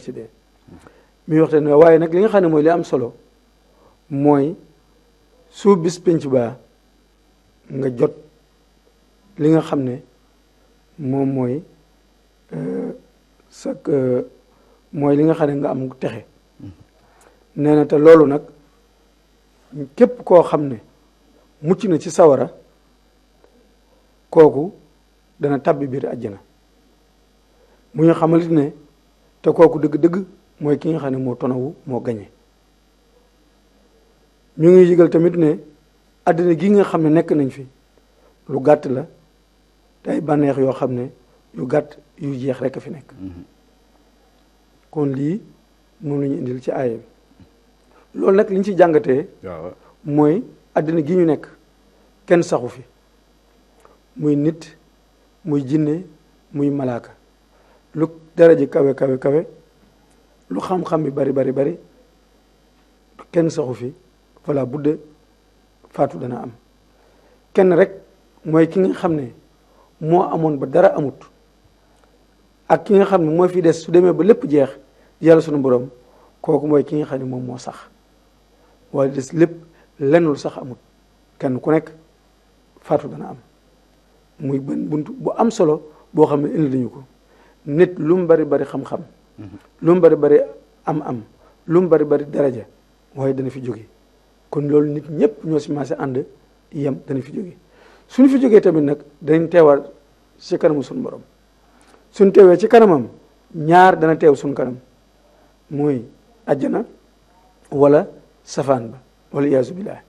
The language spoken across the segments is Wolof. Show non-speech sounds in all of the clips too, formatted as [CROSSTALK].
ci dee muy waxte ne waaye nag li nga xam ne mooy li am solo mooy su bis pénc baa nga jot li nga xam ne moom mooy euh, sa euh, mooy li nga xam ne nga am texe nee na te loolu nag képp koo xam ne mucc na ci sawara kooku dana tabbi biir àjjana mu ñu xamalit ne te kooku dëgg-dëgg mooy ki nga xam ne moo tonawu moo gañe ñu ngi yëgal tamit ne àddina gi nga xam ne nekk nañ fi lu gàtt la te ay bànneex yoo xam ne yu gàtt yu jeex rekk fi nekk mhm. kon lii moom la indil ci aaya bi loolu nag li ñu ci jàngatee mooy àddina gi ñu nekk kenn saxu fi muy nit muy jinne muy malaaka lu dara ji kawe kawe kawe lu xam-xam bi bari bari bari kenn saxu fi voilà budde faatu dana am kenn rek mooy ki nga xam ne moo amoon ba dara amut ak ki nga xam ne mooy fi des su demee ba lépp jeex yàlla sunu borom kooku mooy ki nga xam ne moom moo sax waaye des lépp lennul sax amut kenn ku nekk faatu dana am muy bën bunt bu am solo boo xam ne indi nañu ko nit lu mu bari bari xam-xam lu mu bari bari am-am lu mu bari bari daraja waaye dana fi jóge kon loolu nit ñëpp ñoo si maase ànd yem dana fi jóge suñu fi jógee tamit nag danañ teewal ci kanamu suñu suñ teewee ci kanamam ñaar dana teew suñ kanam muy ajjana wala safaan ba wala iyaasu billaah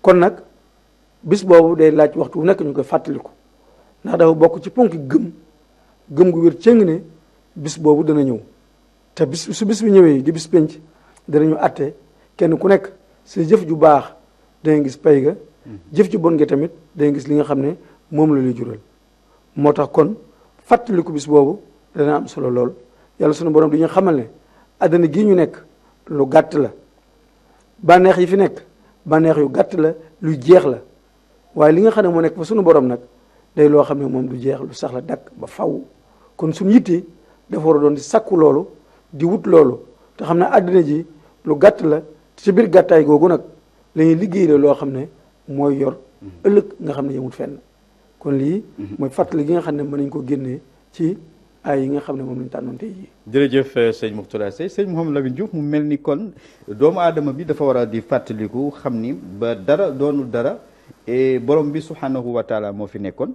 kon nag bis boobu day laaj waxtu wu nekk ñu koy fàttaliku ndax dafa bokk ci ponk gëm gëm gu wér cëng ne bis boobu dana ñëw te bis su bis bi ñëwee di bis penc danañu atte kenn ku nekk sa jëf ju baax danga gis pay ga jëf ju bon nga tamit danga gis li nga xam ne moom la lay jural moo tax kon fàttaliku bis boobu dana am solo lool yàlla sunu borom di ñu xamal ne àddina gi ñu nekk lu gàtt la bànneex yi fi nekk bànneex yu gàtt la lu jeex la waaye li nga xam ne moo nekk fa sunu borom nag day loo xam ne moom du jeex lu sax la dakk ba faw kon suñ yittee dafa war a doon di sakku loolu di wut loolu te xam ne àddina ji lu gàtt la te ci biir gàttaay googu nag lañuy ñuy liggéey la loo xam ne mooy yor mhm. ëllëg nga xam ne yemul fenn kon lii mhm. mooy fàttali gi nga xam ne mën nañ ko génnee ci ay yi nga xam ne moom lañu tànnoon tey jii jërëjëf eh, sëñ Mourtada Seye sëñ Mouhamadou Lamine Diouf mu mel ni kon doomu aadama bi dafa war a di fàttaliku xam ni ba dara doonul dara eh, borom bi subhanahu wa taala moo fi nekkoon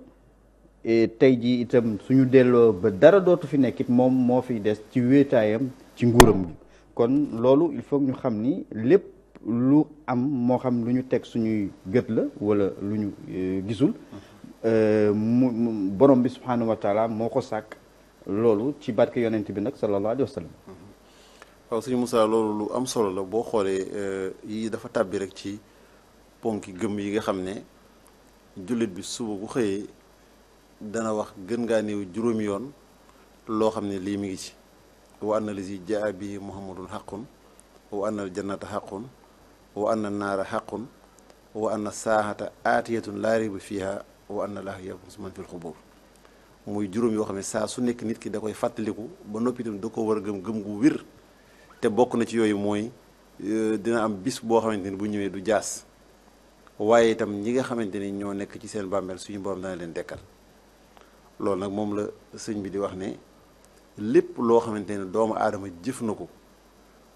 tey jii itam suñu delloo ba dara dootu fi nekkit moom moo fi des ci wéetaayam ci nguuram bi kon loolu il faut ñu xam ni lépp lu am moo xam lu ñu teg suñuy gët la wala lu ñu euh, gisul euh, mu borom bi subhanahu wa moo ko sàkk loolu ci barke yonent bi nag sallallahu alayhi wa sallam waaw suñu Moussa lu am solo la boo xoolee euh, yi dafa tàbbi rek ci ponki gëm yi nga xam ne jullit bi suba bu xëyee dana wax gën ngaa néew juróom yoon loo xam ne lii mi ngi ci wa anna lazi jaa bihi muhammadun xaqun wa anna aljannata xaqun wa anna naara xaqun wa anna saaxata aatiyatun laa rayba fiiha wa anna laaha yab'asu man fil xubuur muy juróom yoo xam ne saa su nekk nit ki da koy fàttaliku ba noppi itam da ko war a gëm gëm gu wér te bokk na ci yooyu mooy euh, dina am bis boo xamante ni bu ñëwee du jaas waaye itam ñi nga xamante ni ñoo nekk ci seen bàmmeel suñu borom dana leen dekkal loolu nag moom la sëñ bi di wax ne lépp loo xamante ne doomu aadama jëf na ko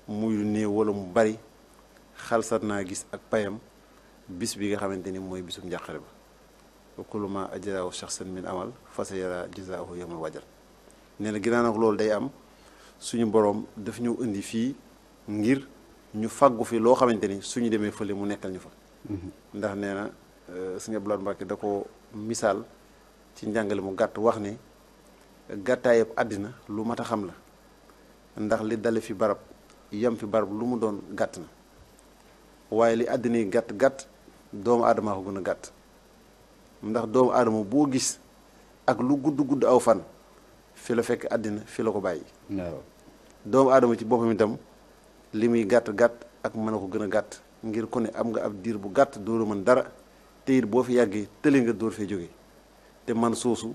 muy lu néew wala mu bari xalsat naa gis ak payam bis bi nga xamante ni mooy bisum njàqare ba wa kullu ma ajraahu shaxsan min amal fa sa yara jazaahu yawmal wajar nee na ginnaaw nag loolu day am suñu boroom daf ñëw indi fii ngir ñu faggu fi loo xamante ni suñu demee fële mu nekkal ñu fa mm-hmm. ndax nee na euh, sëñ Abdoulaye Mbacke da ko misaal ci njàngale mu gàtt wax ne gàttaayab àddina lu mat a xam la ndax li dale fi barab yem fi barab lu mu doon gàtt na waaye li àddina yi gàtt gàtt doomu aadama ko gën a gàtt ndax doomu aadama boo gis ak lu gudd gudd aw fan fi la fekk àddina fi la ko bàyyi doomu aadama ci boppam itam li muy gàtt gàtt ak mën a ko gën a gàtt ngir ku ne am nga ab diir bu gàtt doo dooru mën dara te boo fi yàggee te tëli nga door fee jóge te man soosu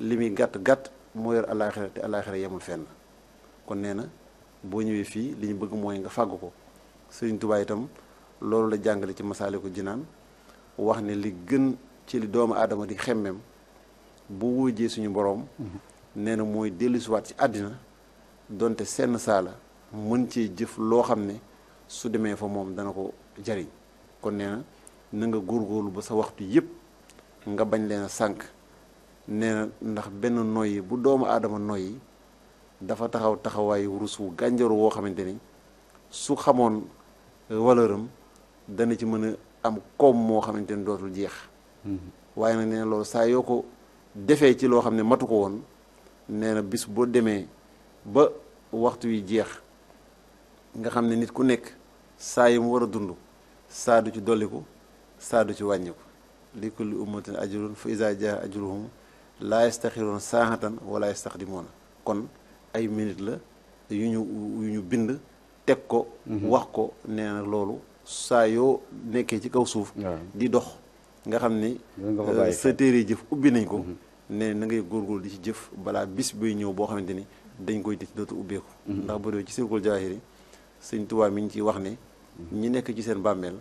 li muy gàtt gàtt moo yor alaaxira te alaaxira yemul fenn kon nee na boo ñëwee fii li ñu bëgg mooy nga fàggu ko Sëriñ Tuubaa itam loolu la jàngale ci Masaalikul Jinaan wax ne li gën ci li doomu aadama di xemmem bu wóojee suñu boroom mhm. nee na mooy dellusiwaat ci àddina donte senn saala mën cee jëf loo xam ne su demee fa moom dana ko jariñ kon nee na na nga góorgóorlu ba sa waxtu yépp nga bañ leen a sànk nee na ndax benn noyyi bu doomu aadama noyyi dafa taxaw taxawaayu wurus wu gànjaru woo xamante ni su xamoon valeur euh, dana ci mën a am koom moo xamante ni dootul jeex mm-hmm. waaye nag nee na loolu saa yoo ko defee ci loo xam ne matu ko woon nee na bis boo demee ba waxtu wi jeex nga xam ne nit ku nekk saa yi mu war a dund saa du ci dolliku saa du ci wàññiku li kulli ummatin ajrun fa iza jaa ajruhum laa yastaxiroon saahatan wala yastaxdimoona kon ay minute la yu ñu yu ñu bind teg ko mhm. wax ko nee loolu saa yoo nekkee ci kaw suuf di dox nga xam ni euh, sa téere jëf ubbi nañ ko mhm. ne na góor góor di ci jëf balaa bis bay ñëw boo xamante ni dañ koy def dootu ubbeeku mhm. ndax bu dee ci sirkul jaahiri sëñ Tuubaa mi ngi ciy wax ne ñi nekk ci seen bàmmeel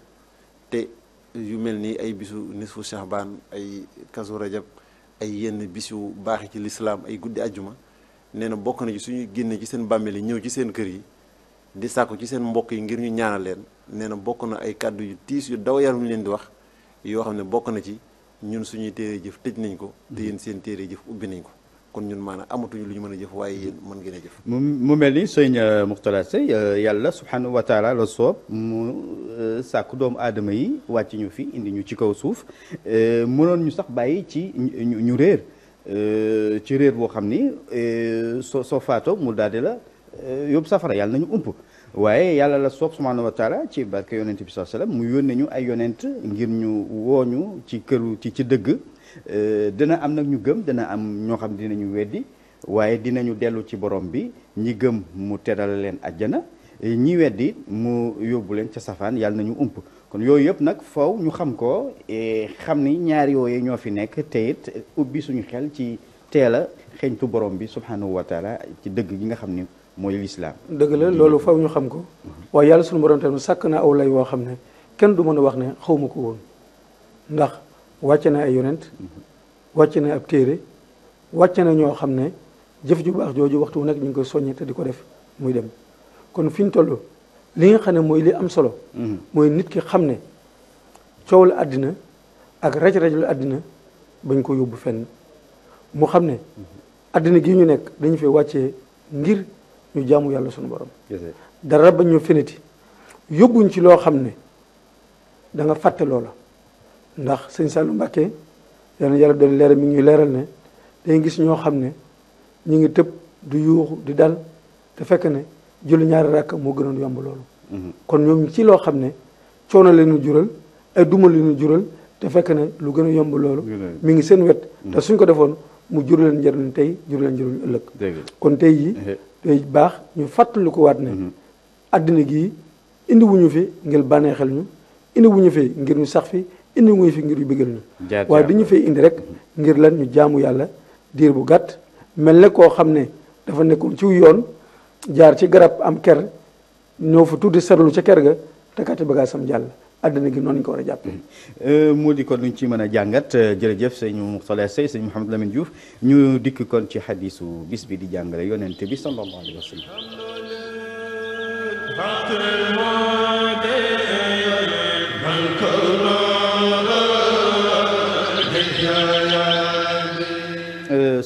te yu mel nii ay bisu nisfu Shahbaan ay kasu rajab ay yenn bis yu baax ci lislaam ay guddi ajjuma nee na bokk na ci suñu génne ci seen bàmmeel yi ñëw ci seen kër yi di sàkku ci seen mbokk yi ngir ñu ñaanal leen nee na bokk na ay kàddu yu tiis yu daw yaram leen di wax yoo xam ne bokk na ci ñun suñuy téere jëf tëj nañ ko te yéen seen téere jëf ubbi nañ ko kon ñun maanaam amatuñu lu ñu mën a jëf waaye mën ngeen a mu mu mel ni sëñ euh, Mourtada Seye euh, yàlla subhanahu wa taala la soob mu euh, sàkk doomu aadama yi wàcc ñu fi indi ñu ci kaw suuf mënoon ñu sax bàyyi ci ñu réer ci réer boo xam ni soo soo faatoo mu daal la yóbbu safara yàlla nañu ump. waaye yàlla la soob subhanahu wa taala ci barke yonent bi sallallahu alayhi wasallam mu yónnee ñu ay yonent ngir ñu wooñu ci këru ci ci dëgg. Euh, dana am nag ñu gëm dana am ñoo xam dinañu weddi waaye dinañu dellu ci borom bi ñi gëm mu teral leen àjjana ñi weddi mu yóbbu leen ca safaan yàlla nañu ump kon yooyu yëpp nag faw ñu xam ko xam ni ñaar yi ñoo fi nekk te it ubbi suñu xel ci teel a xeeñtu borom bi subhanahu wa taala ci dëgg gi nga xam ni mooy lislaam dëgg la loolu faw ñu xam ko mhm. waaye yàlla suñu borom tamit sàkk na aw lay woo xam ne kenn du mën a wax ne xawma ko woon ndax wàcce na ay yonent wàcce na ab téere wàcce na ñoo xam ne jëf ju baax jooju waxtu nag ñu ngi koy soññe te di ko def muy dem kon fi ñu toll li nga xam ne mooy li am solo mm-hmm. mooy nit ki xam ne coow àddina ak raj-raj la àddina bañ ko yóbbu fenn mu xam ne mm-hmm. àddina gi ñu nekk dañu fi wàccee ngir ñu jaamu yàlla sunu borom dara bañ ñu feneti yóbbuñ ci loo xam ne danga fàtte loola ndax sëñ Saliou Mbacké yal na yàlla doon leeral mi ngi ñuy leeral ne dañuy gis ñoo xam ne ñu ngi tëb du yuuxu di dal te fekk ne julli ñaari rakk moo gënoon yomb loolu. Mhm. kon ñoom ci loo xam ne coono leen jural ay duma leen jural te fekk ne lu gën a yomb loolu. mi ngi seen wet. Mhm. te suñ ko defoon mu jur leen njëriñ tey jur leen njëriñ ëllëg. kon tey yi eh. day baax ñu fàttaliku waat ne. Mhm. àddina gii indiwuñu fi ngir xel ñu indi fi ngir ñu sax fi. indi mooy fi ngir yu bëggal ñu waaye dañu fay indi rek ngir lan ñu jaamu yàlla diir bu gàtt mel ne koo xam ne dafa nekkoon ci yoon jaar ci garab am ker ñoo fa tuuti seetlu ca ker ga takkaate bagage sam jàll àddina gi noonu ñu ko war a jàppee. Euh, moo di kon luñ ci mën a jàngat euh, jërëjëf sëñ Mourtada Seye sëñ Mouhamed Lamine Diouf ñu dikk kon ci xadiisu bis bi di jàngale yonent bi sallallahu alayhi wa sallam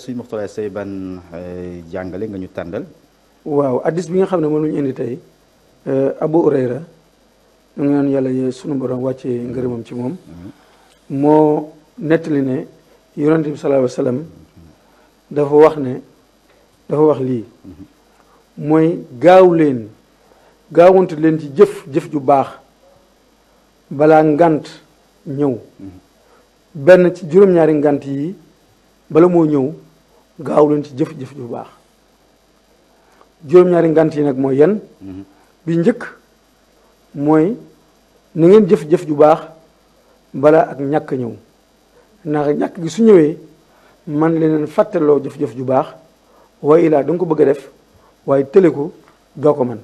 suñu Mokhtar say ban eh, jàngale nga ñu tàndal. waaw addis bi nga xam ne moom la ñu indi tey eh, Abu Hurayra ñu ngi naan yàlla sunu borom wàcce ngërëmam ci moom. Mm-hmm. moo nettali ne yonente bi sallallahu alayhi dafa wax ne dafa wax lii mm-hmm. mooy gaaw leen gaawante leen ci jëf jëf ju baax balaa ngant ñëw mm-hmm. benn ci juróom-ñaari ngant yi bala moo ñëw gaaw leen ci jëf jëf ju baax juróom-ñaari ngant yi nag mooy yan mhm. bi njëkk mooy na ngeen jëf jëf ju baax bala ak ñàkk ñëw ndax ñàkk gi su ñëwee man leneen fàttaloo jëf jëf ju baax waaye illaa da ko bëgg a def waaye tële ko doo ko man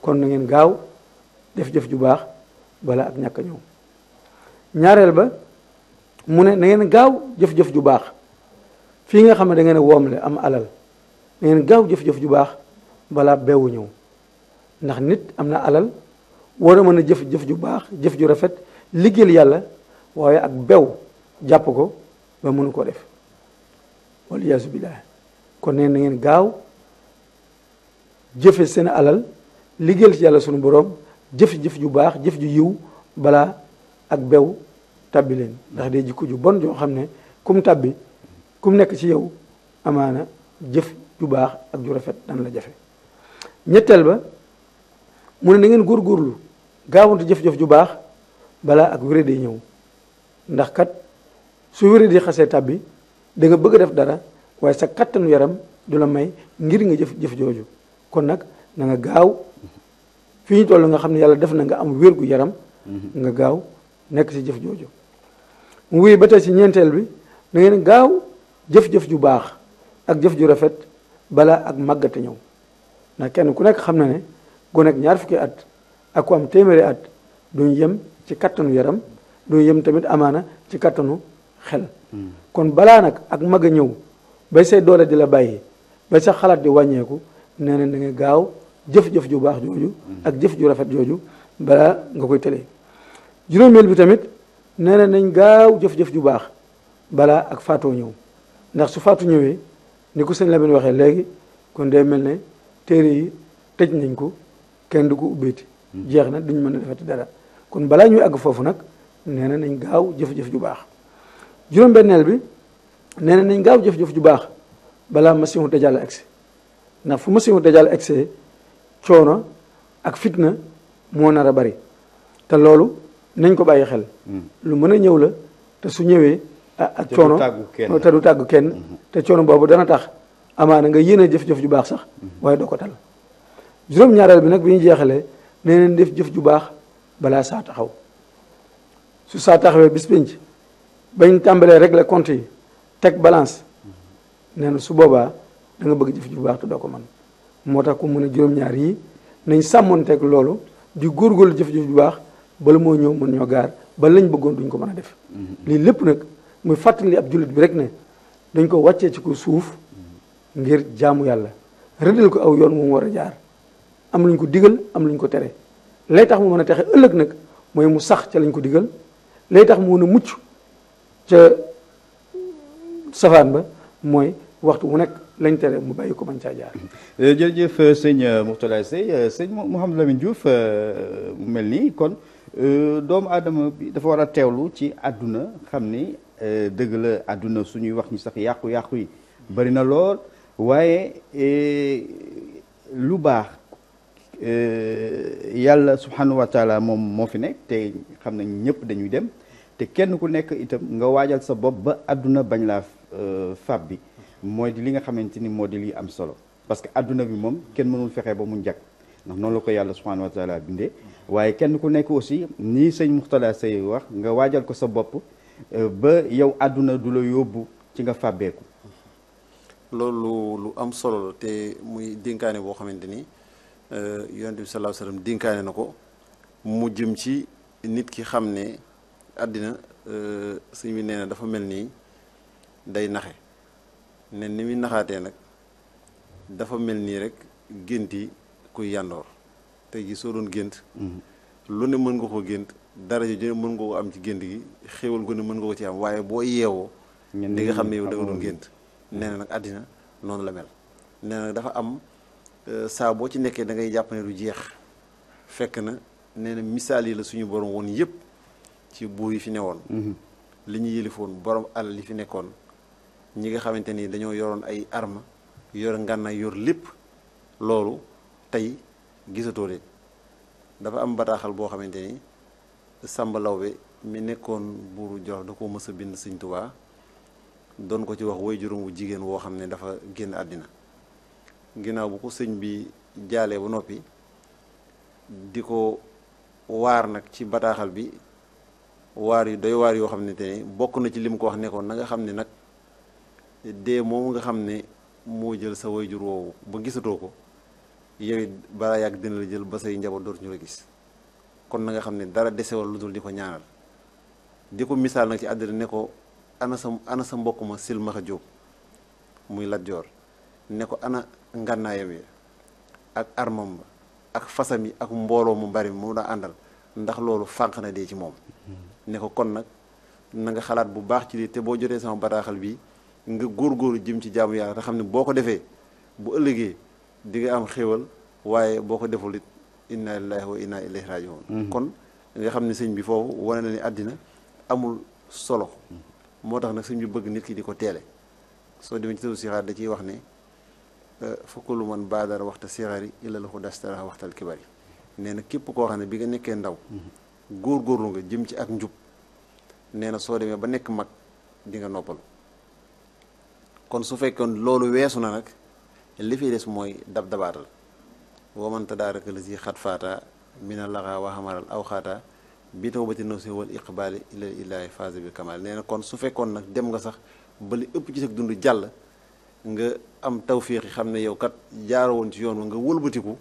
kon na ngeen gaaw def jëf ju baax bala ak ñàkk ñëw ñaareel ba mu ne na ngeen gaaw jëf jëf ju baax fii nga xam ne da ngeen a woomle am alal da gaaw jëf-jëf ju baax balaa beewu ñëw ndax nit am na alal war a mën a jëf jëf ju baax jëf ju rafet liggéeyal yàlla waaye ak bew jàpp ko ba mënu koo def wala yaasu billaah kon neen na ngeen gaaw jëfe seen alal liggéeyal yàlla suñu borom jëf jëf ju baax jëf ju yiw balaa ak bew tàbbi leen ndax day jikko ju bon joo xam ne kum tàbbi ku mu nekk ci yow amaana jëf ju baax ak ju rafet dan la jafe ñetteel ba mu ne na ngeen góorgóorlu gaawantu jëf-jëf ju baax balaa ak wéré di ñëw ndax kat su wéré di xasee tàbbi da nga bëgg a def dara waaye sa kattanu yaram du la may ngir nga jëf jëf jooju kon nag na nga gaaw fi ñu toll nga xam ne yàlla def na nga am wér gu yaram mhm. nga gaaw nekk ci jëf jooju mu wéy ba tey ci ñeenteel bi na gaaw jëf-jëf ju baax ak jëf ju rafet balaa ak màggate ñëw ndax kenn ku nekk xam na ne ku nekk ñaar fukki at ak ku am téeméeri at duñ yem ci kattanu yaram duñ yem tamit amaana ci kattanu xel hmm. kon balaa nag ak mag a ñëw bay say doole di la bàyyi bay sax xalaat di wàññeeku nee na da gaaw jëf-jëf ju baax jooju hmm. ak jëf ju rafet jooju balaa nga koy tëlee juróomeel bi tamit nee na nañ gaaw jëf-jëf ju baax balaa ak faatoo ñëw ndax su faatu ñëwee ni ko sëñ Lamine waxee léegi kon day mel ne téere yi tëj nañ ko kenn du ko ubbeeti hmm. jeex na duñ mën a defati dara kon balaa ñuy àgg foofu nag nee na nañ gaaw jëf-jëf ju baax juróom-benneel bi nee na nañ gaaw jëf-jëf ju baax balaa masihu dajal agsi ndax fu masihu dajal agsee coono ak fitna moo nar a bari te loolu nañ ko bàyyi xel hmm. lu mën a ñëw la te su ñëwee ak ah, ah, coono te du tàggu kenn te coono boobu dana tax amaana nga yéene jëf-jëf ju baax sax mhm. waaye doo ko tal juróom-ñaareel bi nag bi ñu jeexalee nee neen def jëf ju baax balaa saa taxaw su saa taxawee bis bañ tàmbalee régler compte yi teg balance nee su boobaa danga bëgg jëf ju baax te doo ko man moo tax ku mën a juróom-ñaar yi nañ sàmmoonteeg loolu di góor jëf-jëf ju baax bala moo ñëw mën ñoo gaar ba lañ bëggoon duñ ko mën a def mhm. lii lépp muy fàttali ab jullit bi rek ne dañ ko wàccee ci ko suuf ngir jaamu yàlla rëddal ko aw yoon moom war a jaar am luñ ko diggal am luñ ko tere lay tax mu mën a texe ëllëg nag mooy mu sax ca lañ ko diggal lay tax mu mën a mucc ca safaan ba mooy waxtu mu nekk lañ tere mu bàyyi ko mën caa jaar. Euh, jërëjëf euh, sëñ euh, Mourtalla Seye sëñ Mouhamadou Lamine Diouf mu mel nii kon doomu aadama bi dafa war a teewlu ci àdduna xam ni Euh, dëgg la àdduna suñuy wax ñu sax yàqu-yàqu yi bari na lool waaye euh, lu baax euh, yàlla subhanahu wa taala moom moo fi nekk te xam nañ ñëpp dañuy dem te kenn ku nekk itam nga waajal sa bopp ba àdduna bañ laa fab bi mooy di li nga xamante ni moo di li am solo parce que àdduna bi moom kenn mënul fexe ba mu njëkk ndax noonu la ko yàlla subhanahu wa taala bindee waaye kenn ku nekk aussi nii sëñ Muxtala Sey wax nga waajal ko sa bopp Euh, ba yow àdduna du la yóbbu ci nga fàbbeeku loolu lu am solo la te muy dénkaane boo xamante ni euh, yonent bi sallallahu alayhi wasallam na ko mu jëm ci nit ki xam ne àddina euh, sëñ bi nee na dafa mel nii day naxe ne ni muy naxaatee nag dafa mel nii rek génti kuy yàndoor tey ji soo doon gént mm-hmm. lu ne mën nga koo gént dara ju ne mën nga ko am ci gént gi xéwal gu ne mën nga ko ci am waaye boo yeewoo di nga xam ne yow da doon gént nee na nag àddina noonu la mel nee na dafa am euh, saa boo ci nekkee da ngay jàpp ne du jeex fekk na nee na misaal yi la suñu borom woon yëpp ci buur yi fi newoon mhm. li ñu yëlifoon borom alal yi fi nekkoon ñi nga xamante ni dañoo yoroon ay arma yor ngànnaay yor lépp loolu tey gisatoo leen dafa am bataaxal boo xamante ni Samba Lawbe mi nekkoon buur jox da ko mës a bind Sëñ Tuubaa doon ko ci wax way juróom jigéen woo xam ne dafa génn àddina ginnaaw bu ko sëñ bi jaalee ba noppi di ko waar nag ci bataaxal bi waar yu doy waar yoo xam ne te ne bokk na ci li mu ko wax nekkoon na nga xam ne nag dee moom nga xam ne moo jël sa way jur woowu ba gisatoo ko yow it balaa yàgg dina la jël ba say njaboot dootuñu la gis kon na nga xam ne dara desewal lu dul di ko ñaanal di ko misaal nag ci àddina ne ko ana sa ana sa mbokk ma silmaxa jóob muy Lat Joor ne ko ana ngànnaayam yi ak armam ba ak fasam yi ak mbooloo mu bari mu daa àndal ndax loolu fànq na dee ci moom ne ko kon nag na nga xalaat bu baax ci lii te boo jotee sama bataaxal bii nga góorgóorlu jëm ci jaamu yàlla te xam ne boo ko defee bu ëllëgee dinga am xéewal waaye boo ko deful it inna lillahi wa inna ilayhi rajiun mhm. kon nga xam ne sëñ bi foofu wane na ni àddina amul solo moo tax nag sëñ bi bëgg nit ki di ko teele soo demee ci taw sixaar da ciy wax ne euh, fakkulu man baadara waxta sixaari illa lahu dastara waxtal kibari nee na képp koo xam ne bi nga nekkee ndaw mhm. góorgóorlu nga jëm ci ak njub nee na soo demee ba nekk mag dinga nga noppalu kon su fekkoon loolu weesu na nag li fi des mooy dab dabaatal wamanta daaraka lasi xat faata mina laxaa waxamaral aw xaata bi tawbati nafsi wal iqbaali ilal ilaahi faase bi kamal nee na kon su fekkoon nag dem nga sax ba li ëpp ci sa dund jàll nga am tawfiix yi xam ne yow kat jaaro woon ci yoon wa nga wëlbatiku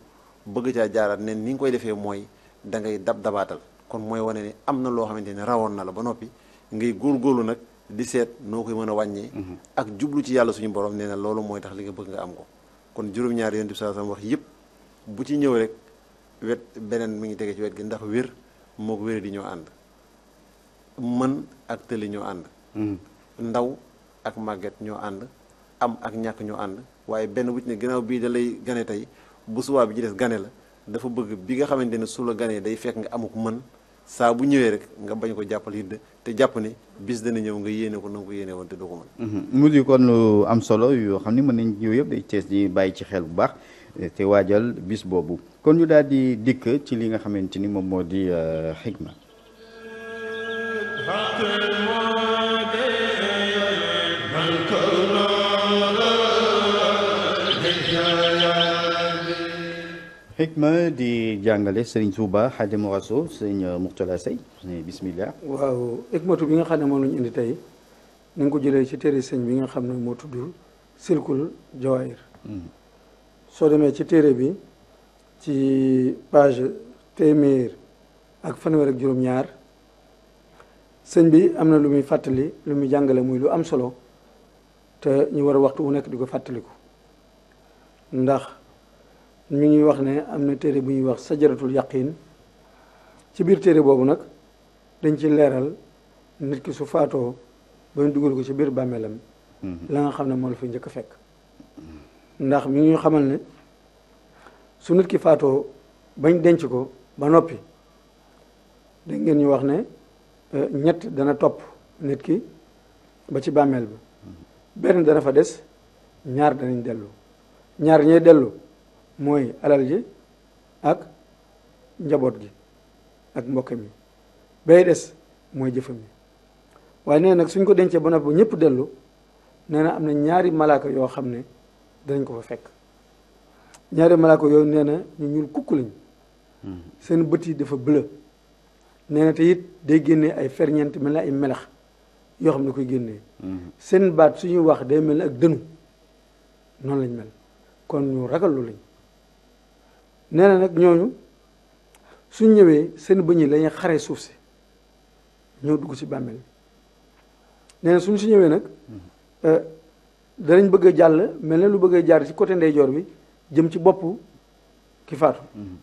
bëgg caa jaaraat ne ni nga koy defee mooy da ngay dab dabaatal kon mooy wane ne am na loo xamante ne rawoon na la ba noppi ngay góorgóorlu nag di seet noo koy mën a wàññee mm-hmm. ak jublu ci yàlla suñu borom nee na loolu mooy tax li nga bëgg nga am ko kon juróom-ñaari yoon di saa wax yëpp bu ci ñëw rek wet beneen mu ngi tege ci wet gi ndax wér moo ko wér di ñoo ànd mën ak tëli ñoo ànd hmm. ndaw ak màgget ñoo ànd am ak ñàkk ñoo ànd waaye benn bu ci ne gannaaw bii da lay gane tey bu subaa bi ci des gane la dafa bëgg bi nga xamante ne su la ganee day fekk nga amuk mën saa bu ñëwee rek nga bañ ko jàppal hidd te jàpp ne bis dana ñëw nga yéene ko na nga ko yéene wante te doo ko mën hmm. mu lu am solo yoo xam ne mën nañ yooyu yëpp day tees di bàyyi ci xel bu baax Eh, te waajal bis boobu kon ñu daal di dikk ci li nga xamante ni moom moo di eh, xikma xikma di jàngale Serigne Touba Xaadimu Rasuul Serigne Mourtala Sey bismillah waaw xikmatu bi nga xam ne moom lañu indi tey ni nga ko jëlee ci téere sëñ bi nga xam ne moo tudd silkul jawaayir mm-hmm. soo demee ci téere bi ci page téeméer ak fanweer ak juróom-ñaar sëñ bi am na lu muy fàttali lu muy jàngale muy lu am solo te ñu war a waxtu wu nekk di ko fàttaliku ndax mu ñuy wax ne am na téere bu ñuy wax sa jaratul yaqin ci biir téere boobu nag dañ ci leeral nit ki su faatoo ba ñu dugal ko ci biir bàmmeelam mm-hmm. la nga xam ne moom la fi njëkk fekk mm-hmm. ndax mu ngi xamal ne su nit ki faatoo bañ denc ko ba noppi da ñu wax ne euh, ñett dana topp nit ki ba ci bàmmeel bi benn dana fa des ñaar danañ dellu ñaar ñee dellu mooy alal ji ak njaboot gi ak mbokk mi bay des mooy jëfam yi waaye nee nag suñ ko dencee ba noppi ñëpp dellu nee na am na ñaari malaaka yoo xam ne danañ ko fa fekk ma malaaka ko nee na ñu ñuul kukk lañ hmm. seen bët yi dafa bleu nee na te it day génne ay ferñeent mel na ay melax yoo xam ne koy génnee hmm. seen baat suñu wax day mel ak dënu noonu lañ mel kon ñu ragal lu lañ nee na nag ñooñu suñ ñëwee seen bëñ yi lañuy xare suuf si ñoo dugg ci bàmmeel nee na suñ ñëwee nag hmm. euh, danañ bëgg a jàll mel na lu bëgg a jaar ci côté ndeyjoor bi jëm ci bopp ki faatu mm-hmm.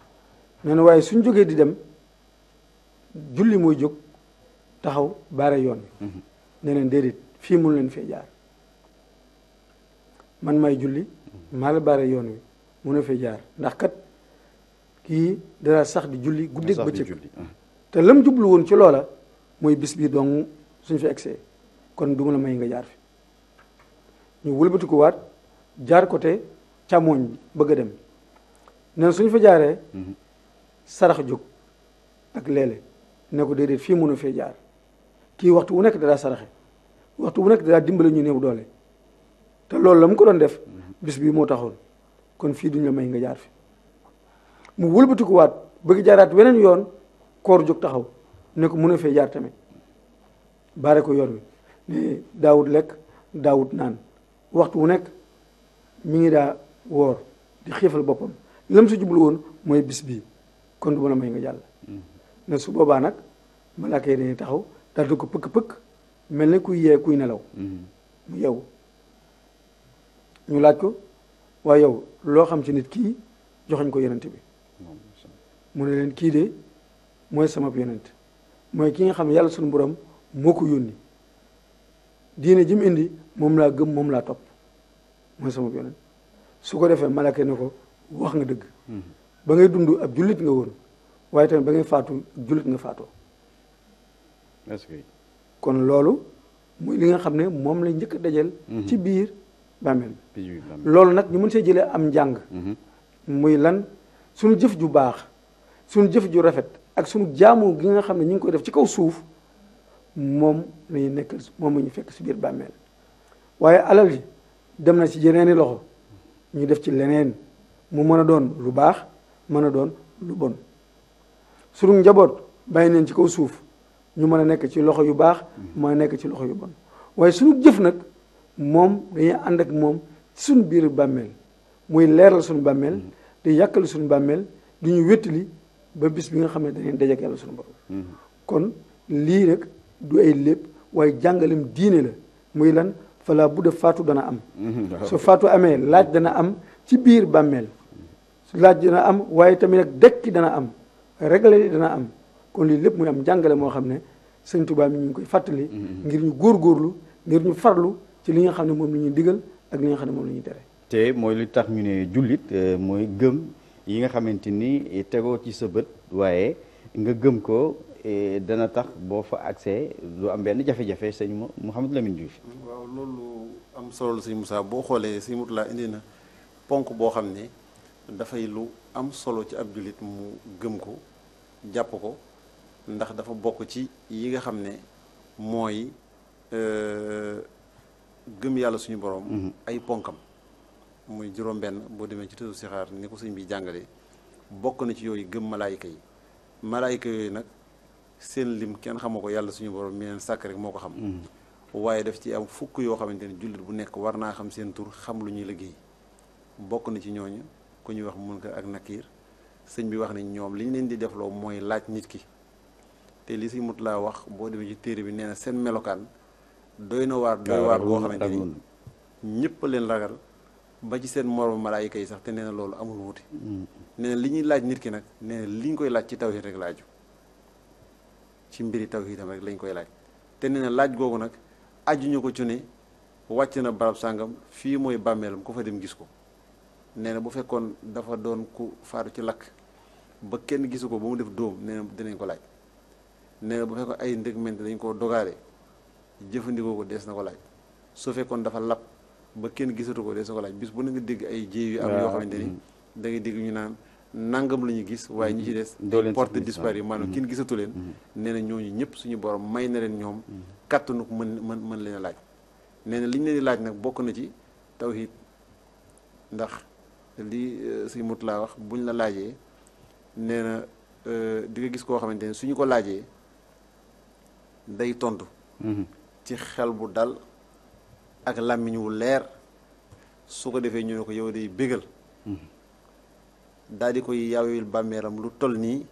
nee na waaye suñ jógee di dem julli mooy jóg taxaw bari yoon bi mm-hmm. ne déedéet fii mun leen fee jaar man may julli mm-hmm. mal bari yoon wi mun a fee jaar ndax kat kii dara sax di julli guddeeg bëccëg ah. te lam jublu woon ci loola mooy bis bi dong suñ fi egsee kon du la may nga jaar fi ñu wëlbatikuwaat jaar côté càmmoñ bëgg a dem neen suñ fa jaaree mhm. sarax jóg ak léeg-léeg ne ko déedéet fii mënu fee jaar kii waxtu wu nekk dadaa saraxe waxtu wu nekk dadaa dimbale ñu néew doole te loolu la mu ko doon def mhm. bis bii moo taxoon kon fii duñ la may nga jaar fi mu wëlbatikuwaat bëgg jaaraat weneen yoon koor jóg taxaw ne ko mënul a fee jaar tamit baare ko yoon wi daawut lekk daawut naan waxtu wu nekk mi ngi daa woor di xiifal boppam lam si jublu woon mooy bis bii kon du mën a may nga jàll mm-hmm. ne su boobaa nag malaaka yi dañuy taxaw daal ko pëkk-pëkk mel ni kuy yee kuy nelaw mm-hmm. mu yow ñu laaj ko waa yow loo xam ci nit kii joxañ ko yonent bi mu ne leen kii de mooy sama yonent mooy ki nga xam yàlla suñu borom moo ko yónni diine ji indi moom laa gëm moom laa topp mooy sama yonent su ko defee malaka ne ko wax nga dëgg mm-hmm. ba ngay dund ab jullit nga woon waaye tamit ba ngay faatu jullit nga faatoo kon loolu muy li nga xam ne moom la njëkk a dajal mm-hmm. ci biir bàmmeel bi loolu nag ñu mën see jëlee am njàng mm-hmm. muy lan suñu jëf ju baax suñu jëf ju rafet ak suñu jaamu gi nga xam ne ñu ngi koy def ci kaw suuf moom lañu nekkal moom la ñu fekk si biir bàmmeel waaye alal yi dem na si yeneeni loxo ñu def ci leneen mu mën a doon lu baax mën a doon lu bon sunu njaboot bàyyi neen ci kaw suuf ñu mën a nekk ci loxo yu baax mm-hmm. mën a nekk ci loxo yu bon waaye sunu jëf nag moom dañuy ànd ak moom ci suñu biir bàmmeel muy leeral suñu bàmmeel mm-hmm. di yàkkal suñu bàmmeel di ñu wéttali ba bis bi nga xam ne dañuy daje suñu borom mm-hmm. kon lii rek du ay lépp waaye jàngalem diine la muy lan fala bu dee faatu dana am [LAUGHS] su faatu amee laaj dana am ci biir bàmmeel su laaj dana am waaye tamit nag dëkki dana am réglé dana am kon lii lépp muy am jàngale moo xam ne sëñ Tuubaa mi ñu koy fàttali mm-hmm. ngir ñu góor góorlu ngir ñu farlu ci li nga xam ne moom la ñuy digal ak li nga xam ne moom la ñuy tere te mooy lu tax ñu ne jullit euh, mooy gëm yi nga xamante nii tegoo ci sa bët waaye nga gëm ko Eh, dana tax boo fa accès lu am benn jafe-jafe sëñ Mouhamadou Lamine Diouf. waaw loolu am solo la sëñ Moussa boo xoolee sëñ Mourtala indi na ponk boo xam ne dafay lu am solo ci ab jullit mu gëm ko jàpp ko ndax dafa bokk ci yi nga xam ne mooy euh, gëm yàlla suñu borom. Mhm. ay ponkam muy juróom-benn boo demee ci tësu sixaar ni ko sëñ bi jàngale bokk na ci yooyu gëm malaayika yi malaayika yooyu nag. seen lim kenn xamoo ko yàlla suñu borom mi leen sàkk rek moo ko xam mm. waaye def ci am fukk yoo xamante ne jullit bu nekk war naa xam seen tur xam lu ñuy liggéey bokk na ci ñooñu ku ñuy wax Munkar ak Nakiir sëñ bi wax ne ñoom li leen di defloo mooy laaj nit ki te li si mut wax boo ci téere bi nee na seen melokaan doy na waar boo xamante ni ñëpp leen ragal ba ci seen morom malaayika yi sax te nee na loolu amul wuute mm. nee li ñuy laaj nit ki nag nee na li ñu koy laaj ci tawhid rek laaju ci mbiri tawhidam rek lañ koy laaj te nee na laaj googu nag ajuñu ko ci ne wàcc na barab sàngam fii mooy bàmmeelam ku fa dem gis ko nee na bu fekkoon dafa doon ku faatu ci lakk ba kenn gisu ko ba mu def dóom nee dinañ ko laaj nee bu fekkoon ay ndëgmente dañ koo dogaale jëfandikoo ko dees na ko laaj su fekkoon dafa lap ba kenn gisatu ko dees na ko laaj bis bu na nga dégg ay jéew yu am yoo xamante ni mm. da dégg ñu naan nangam la ñu gis waaye ñi ci des mm-hmm. ay porte disparu maanaam mm-hmm. kin gisatu leen mm-hmm. nee na ñooñu ñëpp suñu borom may na leen ñoom kattanu mën mën mën leen laaj nee na li ñu leen laaj nag bokk na ci tawhid ndax li si mut wax buñ la laajee nee na euh, di nga gis koo xamante ne suñu ko laajee day tontu ci xel bu dal ak làmmiñ wu leer su ko defee ñu ko yow day bégal daal di koy yaawil bàmmeeram lu toll nii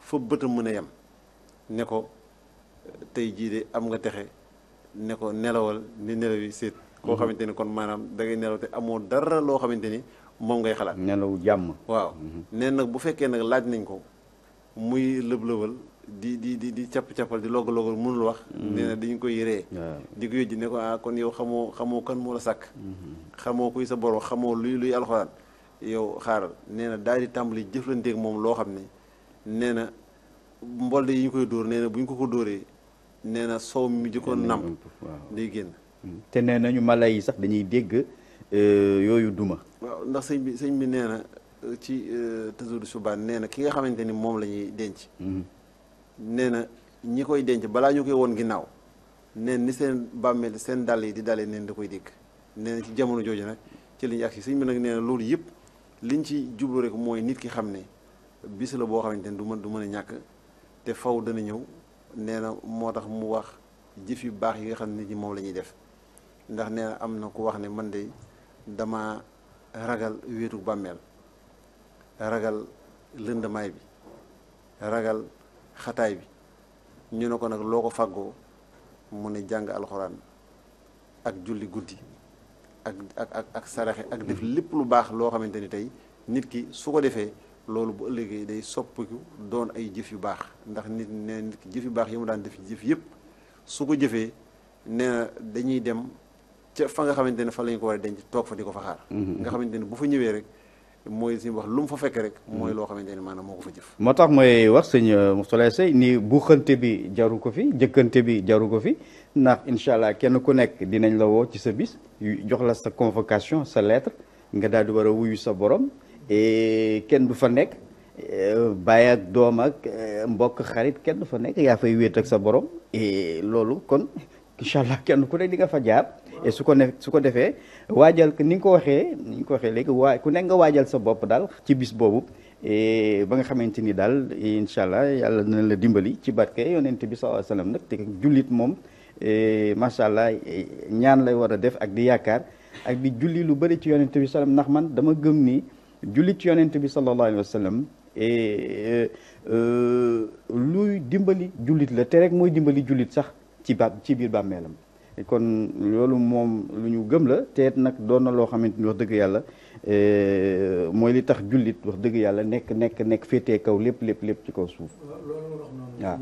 fa bëtam mën a yem ne ko tey jii de am nga texe ne ko nelawal ni nelaw yi seet koo mhm. xamante ni kon maanaam dangay nelaw te amoo dara loo xamante ni moom ngay xalaat nelaw jàmm waaw mhm. nee nag bu fekkee nag laaj nañ ko muy lëb-lëbal di di di di capp-cappal di logg loggal mënul wax mhm. nee na koy ree di ko yójji ne ko ah kon yow xamoo xamoo kan moo la sàkk xamoo koy sa borom xamoo luy luy alxuraan yow xaaral nee na daal di tàmbali jëflanteek moom loo xam ne nee na mbolde yi ñu koy dóor nee na bu ñu ko ko dóoree nee na soow mi di ko nam day génn hmm. te nee nañu mala yi sax dañuy dégg euh, yooyu duma waaw ndax sëñ bi sëñ bi nee na euh, ci euh, tësadu subaan nee na ki nga xamante ni moom la ñuy denc hmm. na ñi koy denc balaa ñu koy woon ginnaaw neen ni seen bàmmeel seen dàll yi di dalee neen da koy dégg nee ci jamono jooju nag ci li ñu yi sëñ bi nag nee na loolu yëpp liñ ci jublu rek mooy nit ki xam ne bis la boo xamante ne du mën du mën a ñàkk te faw dana ñëw nee na moo tax mu wax jëf yu baax yi nga xam ne nit ñi moom lañuy def ndax nee na am na ku wax ne man de dama ragal wéetu bàmmeel ragal lëndamaay bi ragal xataay bi ñu ne ko nag loo ko fàggoo mu ne jàng alxuraan ak julli guddi ak ak ak ak saraxe ak def lépp lu baax loo xamante ni tey nit ki su ko defee loolu bu ëllëgee day soppiku doon ay jëf yu baax ndax nit nee nit ki jëf yu baax yi mu daan def jëf yëpp su ko jëfee nee dañuy dem ca fa nga xamante ne fa lañ ko war a denc toog fa di ko fa xaar. Mm-hmm. nga xamante ne bu fa ñëwee rek. mooy si wax lu mu fa fekk rek mm-hmm. mooy loo xamante ne maanaam moo ko fa jëf moo tax mooy wax sëñ euh, Moustapha Seye ni buuxante bi jaru ko fi jëkkante bi jaru ko fi ndax incha allah kenn ku nekk dinañ la woo ci sa bis jox la sa convocation sa lettre nga daal di war a wuyu sa borom kenn du fa nekk euh, bàyyi ak doom ak euh, mbokk xarit kenn du fa nekk yaa fay wéet ak sa borom loolu kon incha kenn ku nekk di nga fa jaar su ko ne su ko defee waajal ni nga ko waxee ni nga ko waxee léegi waa ku nekk nga waajal sa bopp daal ci bis boobu ba nga xamante ni daal incha allah yàlla dina la dimbali ci barke yonent bi sallallahu alayhi wa te jullit moom. Eh, macha allah eh, ñaan lay war a def ak di yaakaar ak di julli lu bëri ci yonent bi salaam ndax man dama gëm ni julli ci yonent bi sallallahu alayhi wa eh, luy dimbali jullit la te rek mooy dimbali jullit sax ci ba ci biir bàmmeelam kon loolu moom lu ñu gëm la te nag doon na loo xamante ni wax dëgg yàlla mooy li tax jullit wax dëgg yàlla nekk nekk nekk féetee kaw lépp lépp lépp ci kaw suuf waaw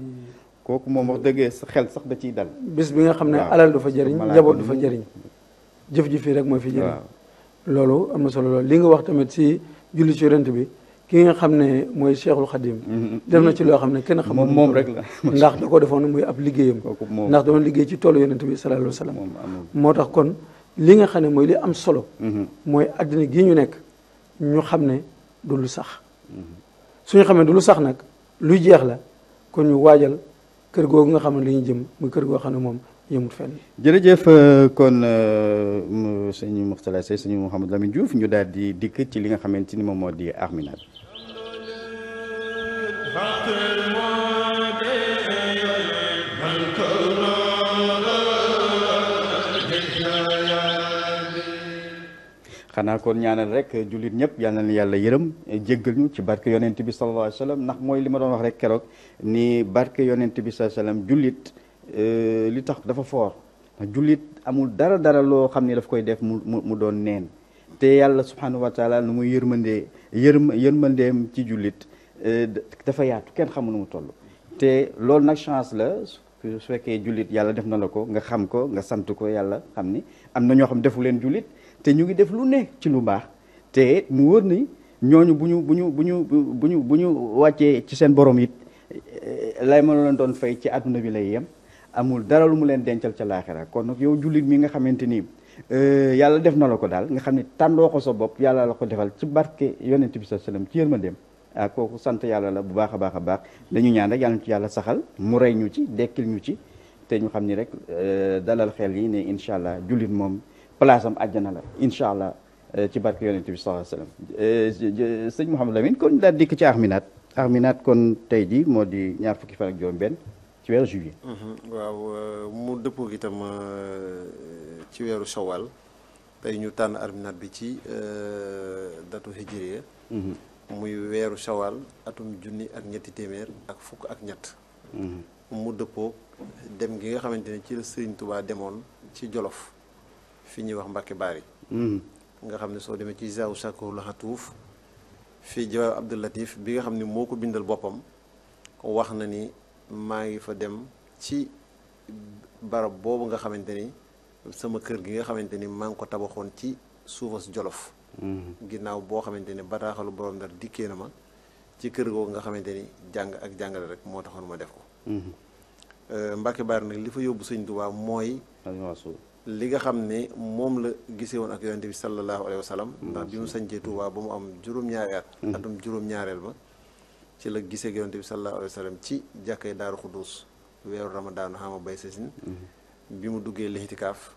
kooku moom wax dëggee sa xel sax da ciy dal. bis bi nga xam ne alal du fa jëriñ njaboot du fa jëriñ jëf jëfi rek mooy fi jëriñ. loolu am na solo loolu li nga wax tamit si julli ci yonent bi ki nga xam ne mooy Cheikhul Khadim. Mm-hmm. def na ci loo xam ne kenn xam moom moom rek la [LAUGHS] ndax da ko defoon muy ab liggéeyam. ndax doon liggéey ci toolu yonent bi sallallahu alayhi wa sallam. moo tax kon li nga xam ne mooy li am solo. Mm-hmm. mooy addina gi ñu nekk ñu xam ne du lu sax. Mm-hmm. suñu xamee du lu sax nag luy jeex la kon ñu waajal. kër googu nga xam ne li ñu jëm muy kër goo xam ne moom yëmut fenn. jërëjëf kon euh, sëñ Mourtalla Seye sëñ Mouhamadou Lamine Diouf ñu daal di dikk ci li nga xamante ni moom moo di Arminat xanaa kon ñaanal rek jullit ñëpp yal yàlla yërëm jéggal ñu ci barke yonent bi sallallahu alayhi wa sallam ndax mooy li ma doon wax rek keroog ni barke yonent bi sallallahu alayhi wa sallam jullit euh, li tax dafa foor ndax jullit amul dara dara loo xam ne daf koy def mu mu doon neen te yàlla subhanahu wa taala nu muy yërmandee yërm yërmandeem ci jullit euh, dafa yaatu kenn xamu nu mu toll te loolu nag chance la su fekkee jullit yàlla def na la ko nga xam ko nga sant ko yàlla xam ni am na ñoo xam defu leen jullit te ñu ngi def lu ne ci lu baax te mu wër ni ñooñu bu ñu bu ñu bu ñu bu ñu bu ñu wàccee ci seen borom it eh, lay ma leen doon fay ci àdduna bi lay yem amul dara lu mu leen dencal ca laaxira kon nag yow jullit mi nga xamante ni eh, yàlla def na la ko daal nga xam ne tàndoo ko sa bopp yàlla la ko defal ci barke yonent bi sa salaam ci yërmandeem ah kooku sant yàlla la bu baax a baax a baax dañu ñaan rek yàlla ci yàlla saxal mu rey ñu ci dekkil ñu ci te ñu xam ni rek eh, dalal xel yi ne incha allah jullit moom. place am àjjana la incha allah eh, ci barke yonent bi sallallahu alayhi wasallam eh, sëñ Mouhamadou Lamine kon daal dikk ci Arminaat Arminaat kon tey ji moo di ñaar fukki fan ak juróom-benn ci weeru juillet. Mhm, waaw eh, mu dëppoo itam ci weeru shawal tey ñu tànn Arminaat bi ci datu hijriya mhm. muy weeru shawal atum junni ak ñetti téeméer ak fukk ak ñett. Mhm. mu dëppoo dem gi nga xamante ne ci la Serigne Touba demoon ci Jolof. fi ñuy wax Mbàkke Baari hmm. nga xam ne soo demee ci Zaw Sakko Laxatuuf fii Jawaab Abdul Latif bi nga xam ne moo ko bindal boppam wax na ni maa ngi fa dem ci barab boobu nga xamante ni sama kër gi nga xamante ni maa ngi ko tabaxoon ci suufas Jolof hmm. ginnaaw boo xamante ni bataaxalu borom Ndar dikkee na ma ci kër googu nga xamante ni jàng ak jàngale rek moo taxoon ma def ko hmm. euh, Mbàkke Baari nag li fa yóbbu Sëñ Tuubaa mooy li nga xam ne moom la gisee woon ak yonente bi sallallahu alayhi wa sallam ndax bi mu sañcee Tuubaa ba mu am juróom-ñaari at mm-hmm. atum juróom-ñaareel ba ci la gisee ak yonente bi sallallahu alayhi wa sallam ci jàkkay daaru xudduus weeru ramadaanu xama bay sasin mm-hmm. bi mu duggee lixtikaaf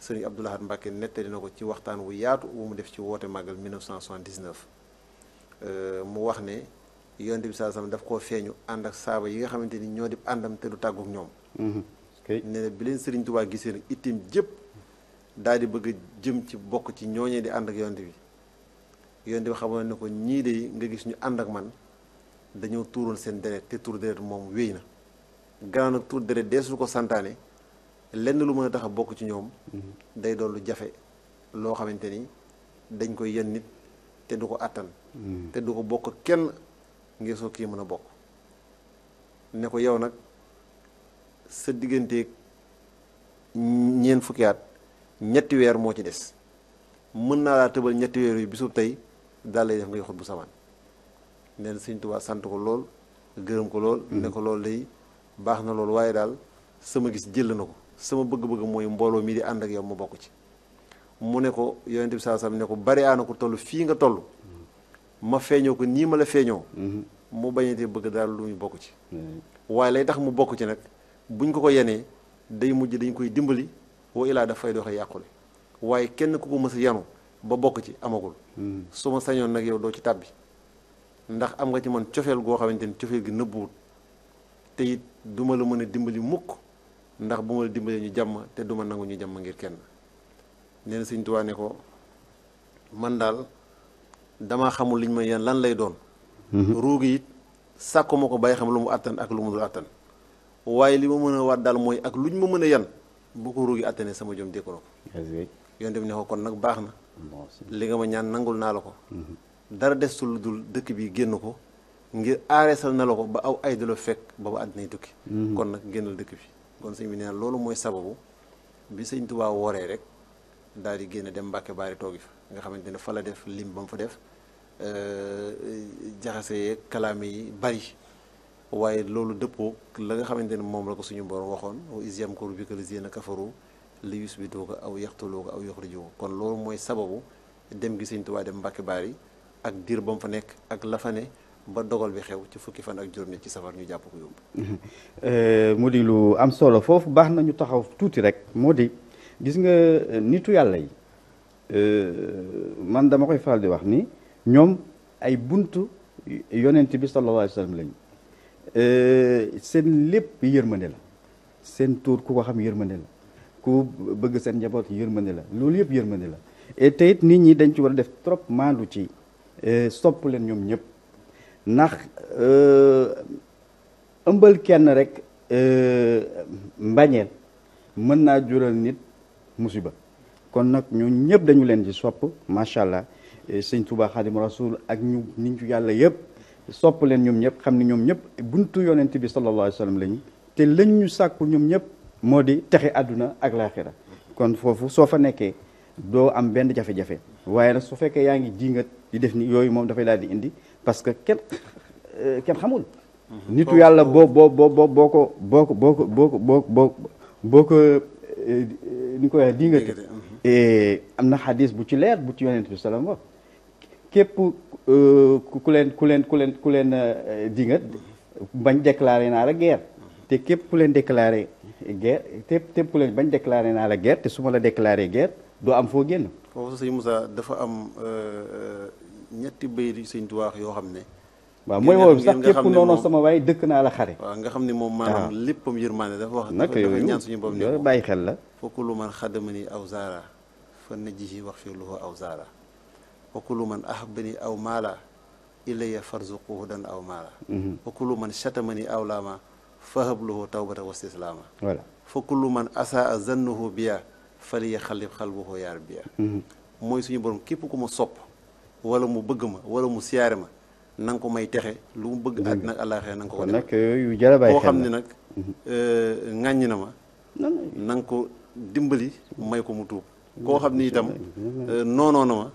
sëriñ Abdou Lahad Mbacke nettali na ko ci waxtaan wu yaatu wu mu def ci woote màggal 1979 euh, mu wax ne yonente bi sallallahu alayhi wa sallam daf koo feeñu ànd ak saaba yi nga xamante ni ñoo di àndam te du tàgguk ñoom mm-hmm. nee na bi leen Serigne Touba gisee nag itim jëpp daal di bëgg jëm ci bokk ci ñooñee di ànd ak yonte bi yonte bi xamoon ne ko ñii de nga gis ñu ànd ak man dañoo tuuroon seen deret te tuur deret moom wéy na gannaaw nag tuur deret deesul ko santaane lenn lu mën a tax a bokk ci ñoom mm-hmm. day doon lu jafe loo xamante ni dañ koy yen nit te du ko àttan mm-hmm. te du ko bokk kenn ngir soo kii mën a bokk ne ko yow nag sa digganteeg ñeent fukki at ñetti weer moo ci des mën naa laa tëbal ñetti weer yu su tey daal lay def ngay xut bu samaan nee na sëñ sant ko lool gërëm ko lool ne ko lool day baax na lool waaye daal sama gis jël na ko sama bëgg-bëgg mooy mbooloo mi di ànd ak yow mu bokk ci mu ne ko yonente bi saa sam ne ko bari aana ko toll fii nga toll ma feeñoo ko nii ma la feeñoo mm-hmm. mu bañatee bëgg daal lu muy bokk ci mm-hmm. waaye lay tax mu bokk ci nag buñ ko ko yenee day mujj dañ koy dimbali wa ilaa daf fay doxee yàqule waaye kenn ku ko mës a ba bokk ci amagul hmm. su ma sañoon nag yow doo ci tàbbi ndax am nga ci man cofeel goo xamante ni cofeel gi nëbbuwut te it duma ma la mën a dimbali mukk ndax bu ma la ñu jàmm te du ma nangu ñu jàmm ngir kenn nee na Sëñ ko man daal dama xamul liñ ma yan lan lay doon hmm. ruugi it sàkku ma ko bàyyi xam lu mu àttan ak lu mu dul àttan waaye li ma mën a waat daal mooy ak lu ñu ma mën a yan bu ko ruugi attane sama jom dee ko yonte bi ne ko kon nag baax na li nga ma ñaan nangul naa la ko mhm. dara destul dul dëkk bi génn ko ngir aareesal na la ko ba aw ay di la fekk ba ba àddinay tukki mhm. kon nag génnal dëkk bi kon sëñ loolu mooy sababu bi sëñ Tuubaa wooree rek daal di génn dem Mbàkke Baari toogi fa nga xamante ne fa la def lim ba mu fa def euh, jaxase yeeg kalaame yi bari waaye loolu dëppoo la nga xamante ne moom la ko suñu borom waxoon wa iz yamkuru bika lazina kafaru li ko aw yaxtuluuka aw yuxrijuuka kon loolu mooy sababu dem gi Sëñ Tuubaa dem Mbàkke Baari ak diir ba fa nekk ak la ba dogal bi xew ci fukki fan ak juróom ci safar ñu jàpp ko yóbbu. [LAUGHS] Eh, mu di lu am solo foofu baax na taxaw tuuti rek moo di gis nga eh, nitu yàlla yi eh, man dama koy faral di wax ni ñoom ay buntu yonent bi sallallahu alayhi wa sallam lañu. Euh, seen lépp yërmande la seen tuur ku ko xam yërmande la ku bëgg seen njaboot yërmande la loolu yëpp yërmande la et nit ñi dañ ci war a def trop maandu ci euh, sopp leen ñoom ñëpp ndax euh, ëmbal kenn rek mbañeel mën naa jural nit musiba kon nag ñoo ñëpp dañu leen di sopp macha allah sëñ Tuubaa Xaadimu Rasuul ak ñu nit ñu yàlla yëpp sopp leen ñoom ñëpp xam ne ñoom ñëpp buntu yonent bi sallallahu alayhi wa sallam lañu te lañ ñu sàkku ñoom ñëpp moo di texe àdduna ak laaxira kon foofu soo fa nekkee doo am benn jafe-jafe waaye nag su fekkee yaa ngi jiingat di def ni yooyu moom dafay daal di indi parce que kenn euh, kenn xamul mm-hmm. nitu yàlla boo boo boo boo boo ko boo ko boo ko boo ko boo boo boo ko euh, euh, ni ko waxee diingate mm-hmm. am na xadis bu ci leer bu ci yonent bi sallam wax képp euh, ku leen ku leen ku leen ku leen euh, dingat bañ déclaré naa la guerre te képp ku leen déclaré guerre te képp bañ déclaré naa la guerre su ma la déclaré guerre doo am foo génn. foofu sëñ Moussa dafa am euh, ñetti béy yu sëñ Tuubaa yoo xam ne. waaw mooy woowu sax képp noonu sama waaye dëkk naa la xare. nga xam ne moom maanaam léppam yërmaane dafa wax. naka yooyu ñaan suñu bopp ne bàyyi xel la. fokk lu man xadama ni aw zaara fan na ji wax fii lu aw zaara. wa kullu man ahabbani aw maala ilayya farzuquhu dan aw maala mhm. wa kullu man shatamani aw laama fahabluhu tawbata wa istislaama voilà fa kullu man asaa zannuhu biya fali ya xalib xalbuhu yaar biya mhm. mooy suñu borom képp ku ma sopp wala mu bëgg ma wala mu siyaare ma na nga ko may texe lu mu bëgg at mhm. nag àllaaxee na nga ko ko def koo xam ne nag euh, ŋàññ na ma na nga ko dimbali may ko mu tuub koo xam ne itam euh, noonoo ma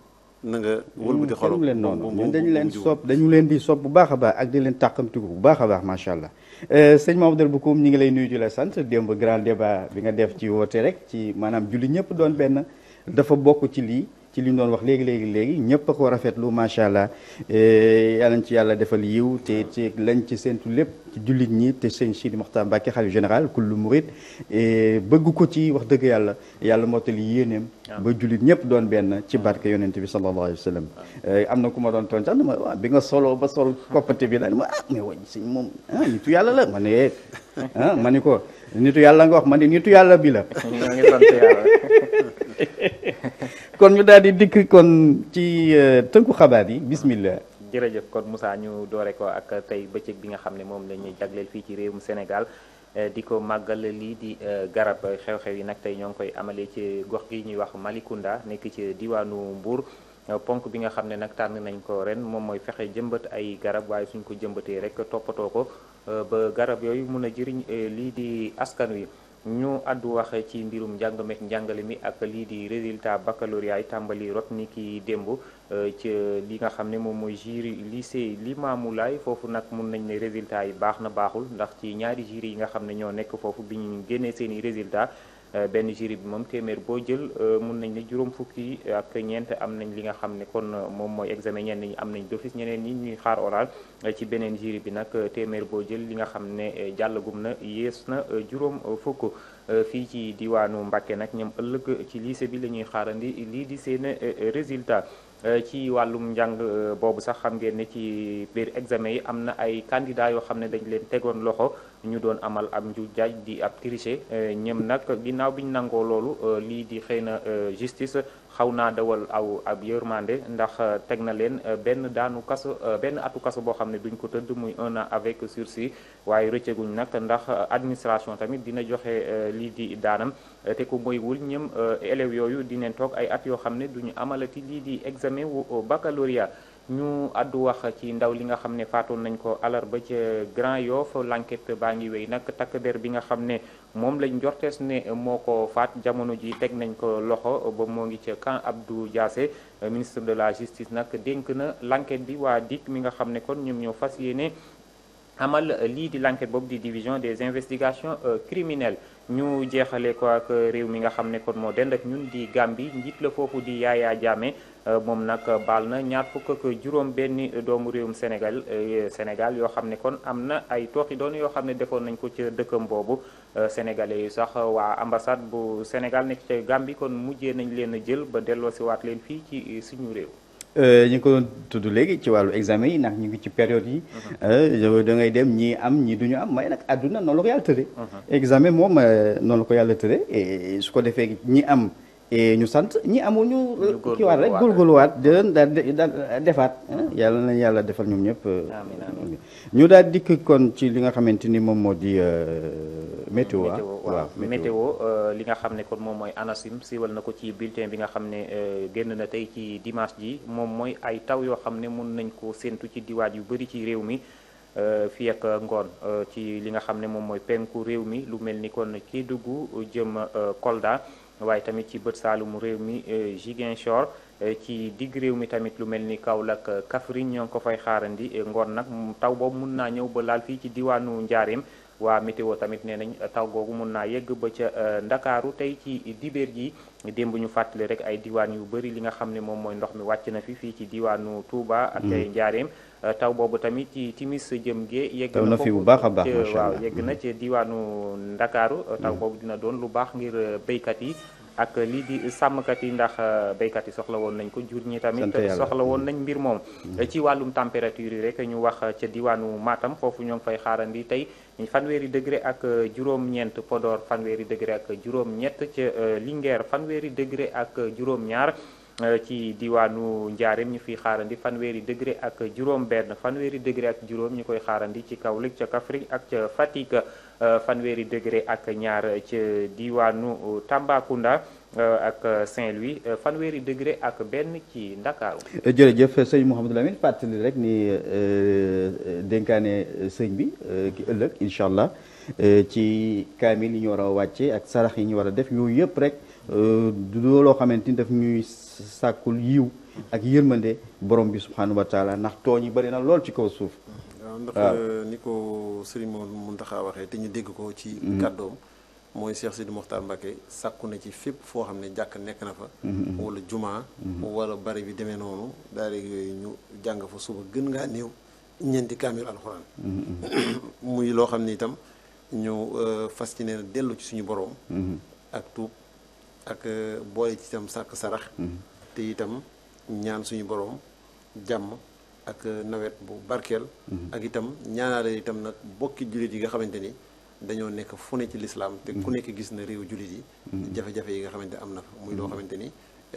na nga wëlbati xolam leen noonu ñun dañu leen sopp dañu leen di sopp bu baax a baax ak di leen tàqamtiku bu baax a baax macha allah euh, sëñ Mamadou Bokoum ñu ngi lay nuyu di la sant démb grand débat bi nga def ci woote rek ci maanaam julli ñëpp doon benn dafa bokk ci lii ci li ñu doon wax léegi léegi léegi ñëpp a ko rafetlu macha allah eh, yal nañ ci yàlla defal yiw te te lañ ci séntu lépp ci jullit ñi te sëñ Sidi Moxtaar Mbàkke xalif général kullu murit eh, bëgg ko ci wax dëgg yàlla yàlla mottali yéeneem ba jullit ñëpp doon benn ci barke yonent bi sallallahu alayhi wa eh, am na ku ma doon tooñ sax ma bi nga solo ba sol koppate bi daal ma ah mais wañ sëñ moom ah nitu yàlla la ma ne ah, ma ni ko nitu yàlla nga wax ma ne nitu yàlla bi la [LAUGHS] [LAUGHS] [LAUGHS] kon ñu daal di dikk kon ci euh, tënku xabaar yi bismillah jërëjëf kon Moussa ñu doore ko ak tey bëccëg bi nga xam ne moom la ñuy jagleel fii ci réewum senegal euh, di ko màggal lii di euh, garab xew-xew yi nag tey ñoo ngi koy amalee ci gox gi ñuy wax Malicounda nekk ci diwaanu Mbour ponk bi nga xam ne nag tànn nañ ko ren moom mooy fexe jëmbat ay garab waaye suñ ko jëmbatee rek toppatoo ko ba garab yooyu mun a jëriñ lii di askan wi ñu àddu wax ci mbirum njàng njàngale mi ak lii di résultat baccalauréat tàmbali rot ni ki démb euh, ci li nga xam ne moom mooy jury lycée li maamulaay foofu nag mun nañ ne résultat yi baax na baaxul ndax ci ñaari jury yi nga xam ne ñoo nekk foofu bi ñu génnee seeni i résultat Euh, benn jury bi moom téeméer boo jël euh, mun nañ ne juróom fukki ak ñeent am nañ li nga xam ne kon euh, moom mooy examen ñenn ñi am nañ dofis ñeneen ñi ñuy xaar oral ci beneen jury bi nag téeméer boo jël li nga xam ne jàllagum na yées na juróom fukk fii ci diwaanu Mbàkke nag ñoom ëllëg ci lycée bi la xaarandi lii di seen résultat ci wàllum njàng boobu sax xam ngeen ne ci biir examen yi am na ay candidats yoo xam ne dañ leen tegoon loxo ñu doon amal ab nju jaaj di ab tricher eh, ñëm nag ginnaaw bi ñu nangoo loolu eh, lii di xëy na eh, justice xaw naa dawal aw ab yërmande ndax teg na leen benn daanu kaso benn atu kaso boo xam ne duñ ko tëdd muy un an avec sursis waaye rëcceguñ nag ndax administration tamit dina joxe lii di daanam te ko moywul ñëm élèves yooyu dineen toog ay at yoo xam ne duñu amalati lii di examen wu baccalauréat ñu àddu wax ci ndaw li nga xam ne faatoon nañ ko alarba ca Grand Yoff l'enquête baa ngi wéy nag takk der bi nga xam ne moom lañ njortees ne moo ko faat jamono ji teg nañ ko loxo ba moo ngi ca camp Abdou jaase ministre de la justice nag dénk na lanquet bi waa DIC mi nga xam ne kon ñoom ñoo fas yéene amal lii di lanquet boobu di division des investigations euh, criminelles ñu jeexale ko ak réew mi nga xam ne kon moo dend ak ñun di Gambie njiit la foofu di Yaya Jammeh euh, moom nag baal na ñaar fukk ak juróom benn doomu réewum Sénégal euh, Sénégal yoo xam ne kon am na ay tooxi doon yoo xam ne defoon nañ ko ca dëkkam boobu euh, sénégalais yu sax waa ambassade bu Sénégal nekk ca Gambie kon mujje nañ leen a jël ba delloosiwaat leen fii ci suñu réew Euh, ñu ngi ko doon tudd léegi ci wàllu examen yi ndax ñu ngi ci période yi. Euh, da ngay dem ñii am ñii du ñu am may nag àdduna noonu la ko yàlla tëddee. Uh-huh. examen moom euh, noonu la ko yàlla tëddee et su ko defee ñi am. et ñu sant ñi amul ñu euh, kii waat rek góorgóorluwaat dén daal daal defaat yàlla nañ yàlla defal ñu ñëpp euh, ñu daal dikk kon ci li nga xamante ni moom moo di euh, ah. météo waaw météo li nga xam ne kon moom mooy ANACIM siiwal na ko ci bulletin bi nga xam ne génn na tey ci dimanche ji moom mooy ay taw yoo xam ne mun nañ ko séentu ci diwaat yu bëri ci réew mi fii ak ngoon ci li nga xam ne moom mooy penku réew mi lu mel ni kon Kédougou jëm Kolda waaye tamit ci bët saalumu réew mi euh, Ziguinchor euh, ci digg réew mi tamit lu mel ni Kaolack euh, Kaffrine ñoo ko fay xaarandi ngoon nag taw boobu mun naa ñëw ba laal fii ci diwaanu Njaareem waa météo tamit nee nañ taw googu mun naa yegg ba ca euh, ndakaaru tey ci dibéer ji démb ñu fàttali rek ay diwaan yu bëri li nga xam ne moom mooy ndox mi wàcc na fi fii ci diwaanu Touba. ak hmm. Njaareem euh, taw boobu tamit ci timis jëm gee. yegg na fi bu baax a baax waaw yegg na hmm. ci diwaanu ndakaaru euh, taw hmm. boobu dina doon lu baax ngir béykat yi. ak lii di sàmmkat yi ndax euh, béykat yi soxla woon nañ ko jur ñi tamit soxla woon nañ mbir moom mm-hmm. ci wàllum température yi rek ñu wax ca diwaanu Matam foofu ñoo ngi fay xaarandi tey fanweeri degré ak euh, juróom-ñeent podoor fanweeri degré ak juróom-ñett ca euh, Linguère fanweeri degré ak juróom-ñaar Euh, ci diwaanu Njaareem ñu fiy xaarandi fanweeri degré ak juróom-benn fanweeri degré ak juróom ñu koy xaarandi ci Kaolack ca Kaffrine ak ca Fatick euh, fanweeri degré ak ñaar ca diwaanu Tambacounda. Euh, ak Saint-Louis fanweeri degré ak benn ci Ndakaaru. jërëjëf sëñ Mouhamadou Lamine fàttali rek ni dénkaane sëñ bi ki ëllëg incha allah ci kaamil yi ñu war a wàcce ak sarax yi ñu war a def yooyu yëpp rek du loo xamante ni daf ñuy. sàkkul yiw ak yërmande borom bi subhanahu wa taala ndax tooñ yi bëri na lool ci kaw suuf ndax euh, ni ko mun taxa waxee te ñu dégg ko ci mhm. kàddoom mooy Cheikh Sidi Mokhtar Mbacké sàkku na ci fépp foo xam ne jàkk nekk na fa mhm. wala jumaa mhm. wala bari bi demee noonu daara yooyu ñu jàng fa suba gën ngaa néew ñeenti kaamil alxuraan [COUGHS] muy loo xam ne itam ñu euh, fas ci ne dellu ci suñu borom ak tuub ak euh, boole ci itam sàkk sarax mhm. te itam ñaan suñu boroom jàmm ak euh, nawet bu barkeel mhm. ak itam ñaanaale itam nag bokki jullit yi nga xamante ni dañoo nekk fu ne ci lislaam te ku mhm. nekk gis na réew jullit yi jafe-jafe yi nga xamante am na fa muy loo xamante ni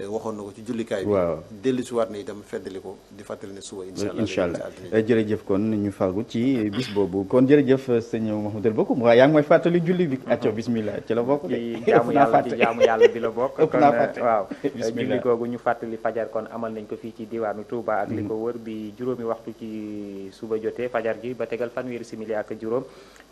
waxoon na ko ci jullikaay bi waaw dellu si waat na itam feddali ko di fàttali ne suba incha allah jërëjëf kon ñu fàggu ci bis boobu kon jërëjëf sëñ Mouhamadou Bakhoum waaw yaa ngi mooy fàttali julli bi acco bismillah ci la bokk ci jaamu yàlla yàlla bi la bokk [LAUGHS] kon waaw julli googu ñu fàttali fajar kon amal nañ ko fii ci diwaanu Touba ak li mm-hmm. ko wër bi juróomi waxtu ci suba jotee fajar gi ba tegal fanweeri simili ak juróom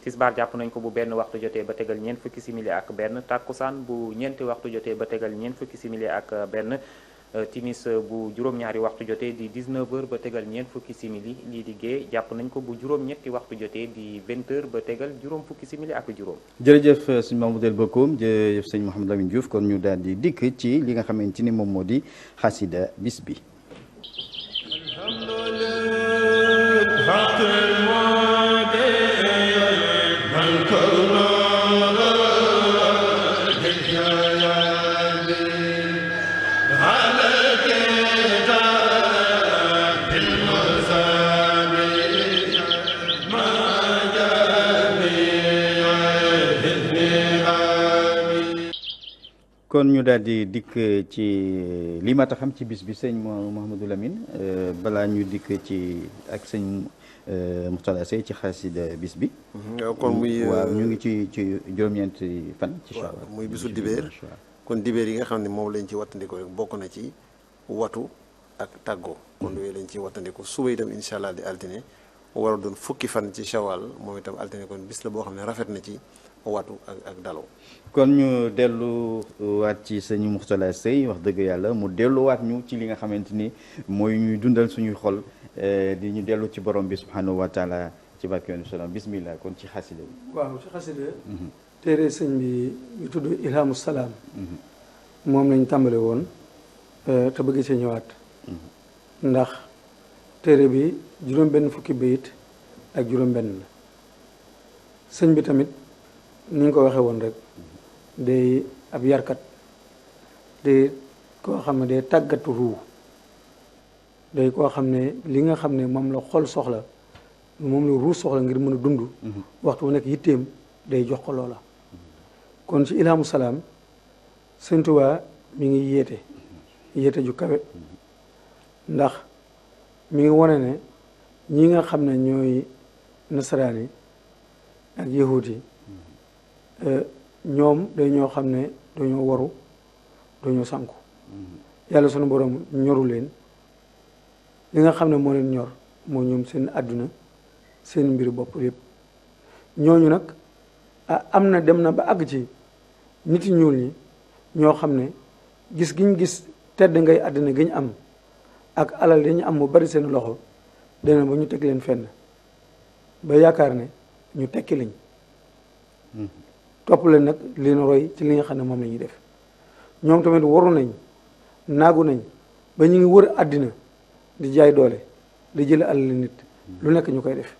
tisbaar jàpp nañ ko bu benn waxtu jotee ba tegal ñeent fukki simili ak benn takkusaan bu ñeenti waxtu jotee ba tegal ñeent fukki simili ak benn euh, timis bu juróom-ñaari waxtu jotee di 19h ba tegal ñeent fukki simili lii di gée jàpp nañ ko bu juróom-ñetti waxtu jotee di 20h ba tegal juróom fukki simili ak juróom. jërëjëf euh, sëñ Mamadou El Bakkoum jërëjëf sëñ Mouhamadou Lamine Diouf kon ñu daal di dikk ci li nga xamante ni moom moo di xasida bis bi. kon ñu daal di dikk ci lii ma taxam ci bis bi sëñ Mouhamadou Lamine euh, balaa ñu dikk ci ak sëñ euh, Mourtala Seye ci xasida bis bi. Mm-hmm. kon muy waaw euh, ñu ngi ci ci juróom-ñeenti fan. ci Chawal muy bisu dibeer kon dibeer yi nga xam ne moom lañ ci wattandiku rek bokk na ci watu ak tàggoo. kon mm-hmm. yooyu lañ ci wattandiku suba itam incha allah di altine war a doon fukki fan ci Chawal moom itam altine kon bis la boo xam ne rafet na ci. watu ak ak kon ñu dellu waat ci sëñu Mourtalla Seye wax dëgg yàlla mu delluwaat ñu ci li nga xamante ni mooy ñuy dundal suñuy xol eh, di ñu dellu ci borom bi subhanahu wa taala ci barke yoonu salaam bismillah kon ci xasida bi waaw ci xasida mhm. téere sëñ bi ñu tudd ilhamu salaam mhm. moom lañ tàmbale woon eh, te bëgg see ñëwaat mhm. ndax téere bi juróom benn fukki bayit ak juróom benn la sëñ bi tamit ni ñu ko waxee woon rek day ab yarkat day koo xam ne day tàggatu ruu day koo xam ne li nga xam ne moom la xol soxla moom la ruu soxla ngir mën a dund mhm. waxtu wu nekk yitteem day jox ko loola kon ci ilhamu salaam Sëñ Tuubaa mi ngi yéete yéete ju kawe ndax mi ngi wane ne ñi nga xam ne ñooy nasaraan yi ak yahuud Euh, ñoom dañoo xam ne dañoo waru dañoo sànku mm-hmm. yàlla sunu borom ñoru leen li nga xam ne moo leen ñor moo ñoom seen àdduna seen mbir bopp yépp ñooñu nag am na dem na ba àgg ci nit ñuul ñi ñoo xam ne gis giñ gis tedd ngay àddina gi am ak alal dañu am mu bari seen loxo dana ba ñu teg leen fenn ba yaakaar ne ñu tekki lañ mm-hmm. topp leen nag leen roy ci li nga xam ne moom la ñuy def ñoom tamit waru nañ naagu nañ ba ñu ngi wër àddina di jaay doole di jël alal nit lu nekk ñu koy def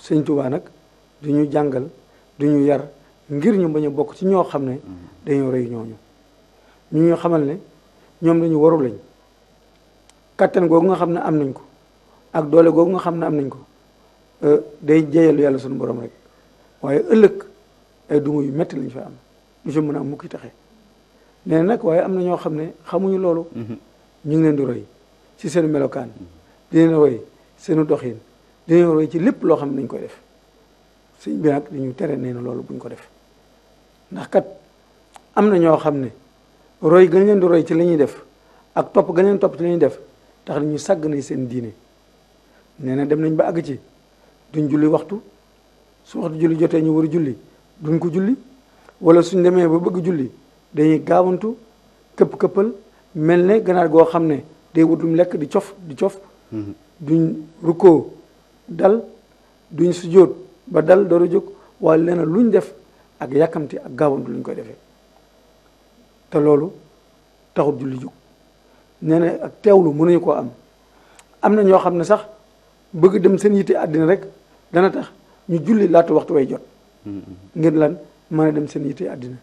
sëñ Tuubaa nag di ñu jàngal du ñu yar ngir ñu bañ a bokk ci ñoo xam ne dañoo rey ñooñu ñu ñu xamal ne ñoom dañu waru lañ kattan googu nga xam ne am nañ ko ak doole googu nga xam ne am nañ ko eh, day jeyal yàlla suñu borom rek waaye ëllëg ay dungu yu métti lañu fa am du ci mën a taxe nee nag waaye am na ñoo xam ne xamuñu loolu mhm. ñu ngi leen di roy ci seen melokaan di leen roy seenu doxin di leen ci lépp loo xam ne dañ koy def sëñ bi nag dañu tere nee na loolu buñ ko def ndax kat am na ñoo xam ne roy gañ leen di roy ci li ñuy def ak topp gañ leen topp ci lañuy def tax na sagg sàgg nañ seen diine nee na dem nañ ba àgg ci duñ julli waxtu su waxtu julli jotee ñu war a julli duñ ko julli wala suñ demee ba bëgg julli dañuy gaawantu këpp-këppal mel ne ganaar goo xam ne day wut lekk di cof di cof mhm. duñ rukkoo dal duñ sujjóot ba dal dooru jóg waaye leneen luñ def ak yàkkamti ak gaawantu luñ koy defee te loolu taxut julli jóg nee na ak teewlu mënuñu koo am am na ñoo xam ne sax bëgg dem seen yitte àddina rek dana tax ñu julli laata waxtu way jot ngir lan mën a dem seen yitte àddina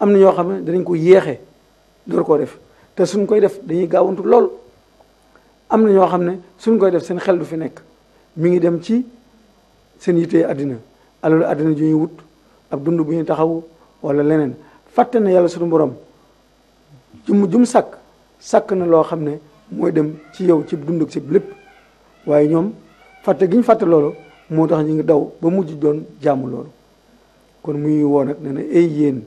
am na ñoo xam ne danañ ko yéexe door koo def te suñ koy def dañuy gaawantu lool am na ñoo xam ne suñ koy def seen xel du fi nekk mi ngi dem ci seen yitte àddina alalu àddina ju ñuy wut ab dund bu ñuy taxaw wala leneen fàtte na yàlla suñu borom jum jum sakk sakk na loo xam ne mooy dem ci yow ci dund ak ci lépp waaye ñoom fàtte gi ñu fàtte loolu moo tax ñu ngi daw ba mujj doon jaamu loolu kon muy woo nag nee ay yéen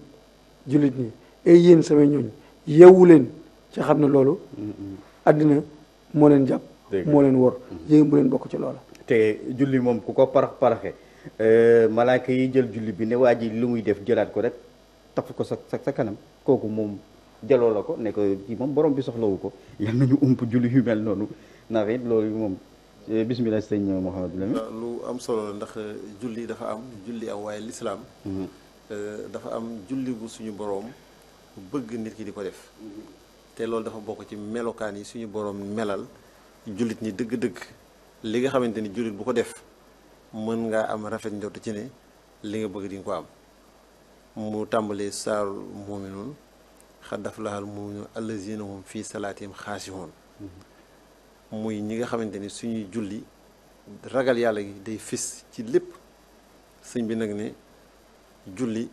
jullit ñi ay yéen samay ñooñ yeewu leen ci xam ne loolu àddina moo leen jàpp moo leen wor yéen bu leen bokk ci loola te julli moom ku ko parax paraxe euh, malaake yi jël julli bi ne waa ji lu muy def jëlaat ko rek taf ko sa sa kanam kooku moom jaloo la ko ne ko ci moom borom bi soxlawu ko yal nañu ump julli yu mel noonu ndax it loolu moom bisimilah sëñ Mouhamadou lu am solo la ndax eh, julli dafa am julli am waaye lislaam mhm. eh, dafa am julli bu suñu boroom bëgg nit ki di ko def te loolu dafa bokk ci melokaan yi suñu boroom melal jullit ñi dëgg-dëgg li nga xamante ni jullit bu ko def mën ngaa am rafet njort ci ne li nga bëgg di ko am mu tàmbalee saaru muminuun xad daf laxal muminuun allazina hum fii salaatihim xaasihun mhm. muy ñi nga xamante ni suñuy julli ragal yàlla gi day fis ci lépp sëñ bi nag ne julli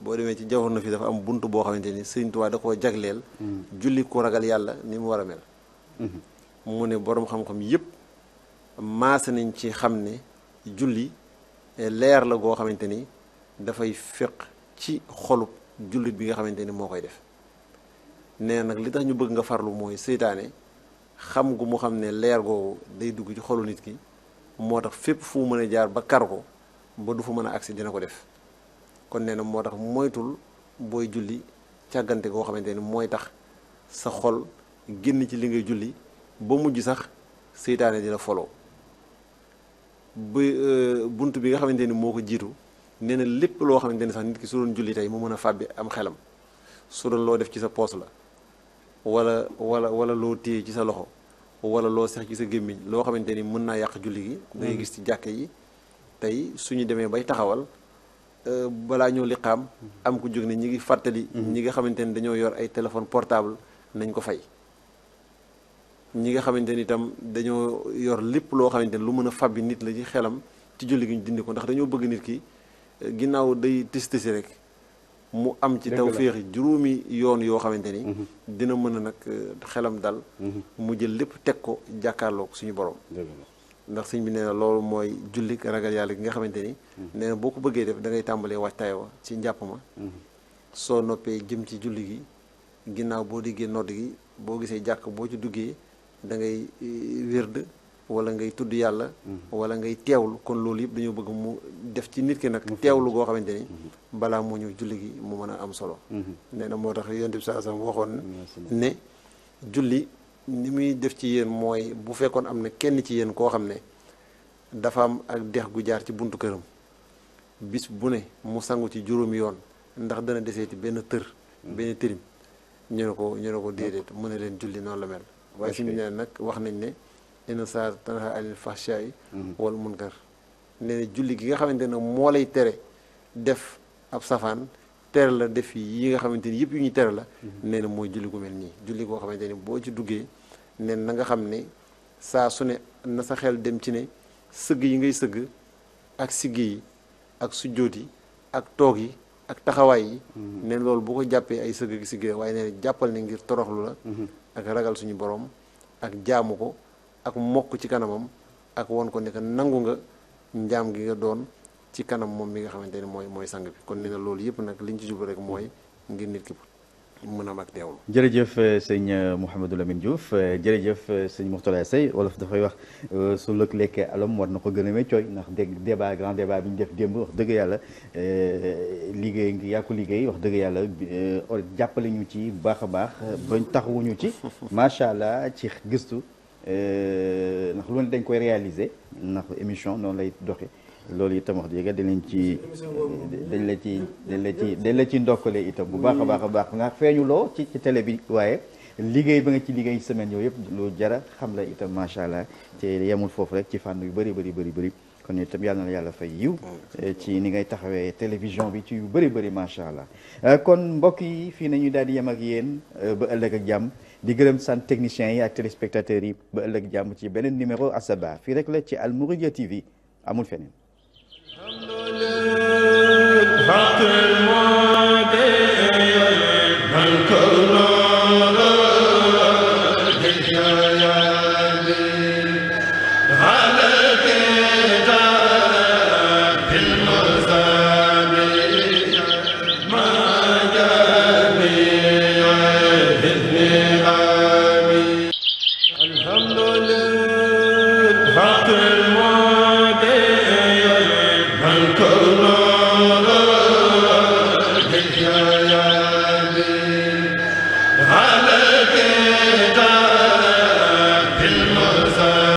boo demee ci jawhar na fi dafa am bunt boo xamante ni sëñ da koo jagleel mm-hmm. julli ku ragal yàlla ni mu war a mel mm-hmm. mu ne boroom xam-xam yépp maase nañ ci xam ne julli eh, leer la goo xamante ni dafay feq ci xolub jullit bi nga xamante ni moo koy def nee nag li tax ñu bëgg nga farlu mooy seytaane xam gu mu xam ne leer googu day dugg ci xolu nit ki moo tax fépp fu mën a jaar ba kar ko ba du fa mën a agsi dina ko def kon nee na moo tax moytul booy julli càggante goo xamante ni mooy tax sa xol génn ci li ngay julli ba mujj sax seytaane dina foloo bu euh, bunt bi nga xamante ni moo ko jiitu nee na lépp loo xamante ni sax nit ki su doon julli tey mu mën a fàbbi am xelam su doon loo def ci sa poos la wala wala wala loo téye ci sa loxo wala loo sex ci sa gémmiñ loo xamante ni mën naa yàq julli gi mm-hmm. da ngay gis ci jàkk yi tey su ñu demee bay taxawal euh, balaa ñoo liqaam mm-hmm. am ko jóg ni ñu ngi fàttali mm-hmm. ñi nga xamante ni dañoo yor ay téléphone portable nañ ko fay ñi nga xamante ni itam dañoo yor lépp loo xamante ni lu mën a fabbi nit la ci xelam ci julli gi ñu dindi ko ndax dañoo bëgg nit ki euh, ginnaaw day tis tisi rek mu am ci tawféexi juróomi yoon yoo xamante ni mhm. dina mën a nag euh, xelam dal mhm. mu jël lépp teg ko jàkkaarlook suñu borom ndax sëñ bi nee na loolu mooy jullik ragal yàlla gi nga xamante ni mhm. nee boo ko bëggee def dangay ngay tàmbalee waajtaay wa ci njàpp ma soo noppee jëm ci julli gi ginnaaw boo déggee nodd gi boo gisee jàkk boo ci duggee da ngay euh, wérd wala ngay tudd yàlla mm-hmm. wala ngay teewlu kon loolu yëpp dañoo bëgg mu def ci nit ki nag teewlu goo xamante ni mm-hmm. balaa mu ñëw julli gi mu mën a am solo mm-hmm. nee na moo tax yonent bi saa sam waxoon ne julli ni muy def ci yéen mooy bu fekkoon am na kenn ci yéen koo xam ne dafa am ak dex gu jaar ci buntu këram bis bu ne mu sangu ci juróom yoon ndax dana deseeti benn tër benn tërim ñu ne ko ñu ne ko déedéet mu ne leen julli noonu la mel waaye suñu ne nag wax nañ ne inna saa tanha anil fahshaa'i mhm. wal munkar nee julli gi nga xamante ne moo lay tere def ab safaan tere la def yi nga xamante ni yëpp yu ñu tere la mhm. nee na mooy julli gu mel nii julli goo xamante ni boo ci duggee nen na nga xam ne saa su ne na sa xel dem ci ne sëgg yi ngay sëgg ak siggi yi ak sujjóot yi ak toog yi ak taxawaay yi mhm. ne loolu boo ko jàppee ay sëgg gi siggi la waaye ne jàppal ne ngir toroxlu la ak ragal suñu borom ak jaamu ko ak mokk ci kanamam ak won ko ne nangu nga njaam gi nga doon ci kanam moom mi nga xamante ne mooy mooy sang bi kon nee na loolu yëpp nag liñ ci jublu rek mooy ngir nit ki mën a mag deewlu. jërëjëf euh, sëñ euh, Mouhamadou Lamine Diouf euh, jërëjëf sëñ Mourtala Sey wolof dafay wax su lëkk lekkee alam war na ko gën a may cooy ndax dégg débat grand débat bi ñu def démb wax dëgg yàlla liggéey ngi yaa liggéey wax dëgg yàlla jàppale ñu ci baax a baax bañ taxawuñu ci [LAUGHS] macha allah ci gëstu. Euh, ndax lu ne dañ koy réaliser ndax émission noonu lay doxe loolu itam wax dëgg dañ ci dañ la ci dañ la ci dañ la ci ndokkale itam bu baax a baax a baax nga feeñu loo ci ci télé bi waaye liggéey ba nga ci liggéey semaine yooyu yëpp lu jara xam la itam macha allah te yemul foofu rek ci fànn yu bëri bari bari bëri kon itam yàlla na yàlla fay yiw eh, ci ni ngay taxawee télévision bi ci yu bëri bëri macha allah eh, kon mbokk yi fii nañu daal di yem ak yéen eh, ba ëllëg ak jàmm di gërëm sant techniciens yi ak téléspectateurs yi ba ëllëg jàmm ci beneen numéro Asaba fii rek la ci Al Mouridiyyah TV amul feneen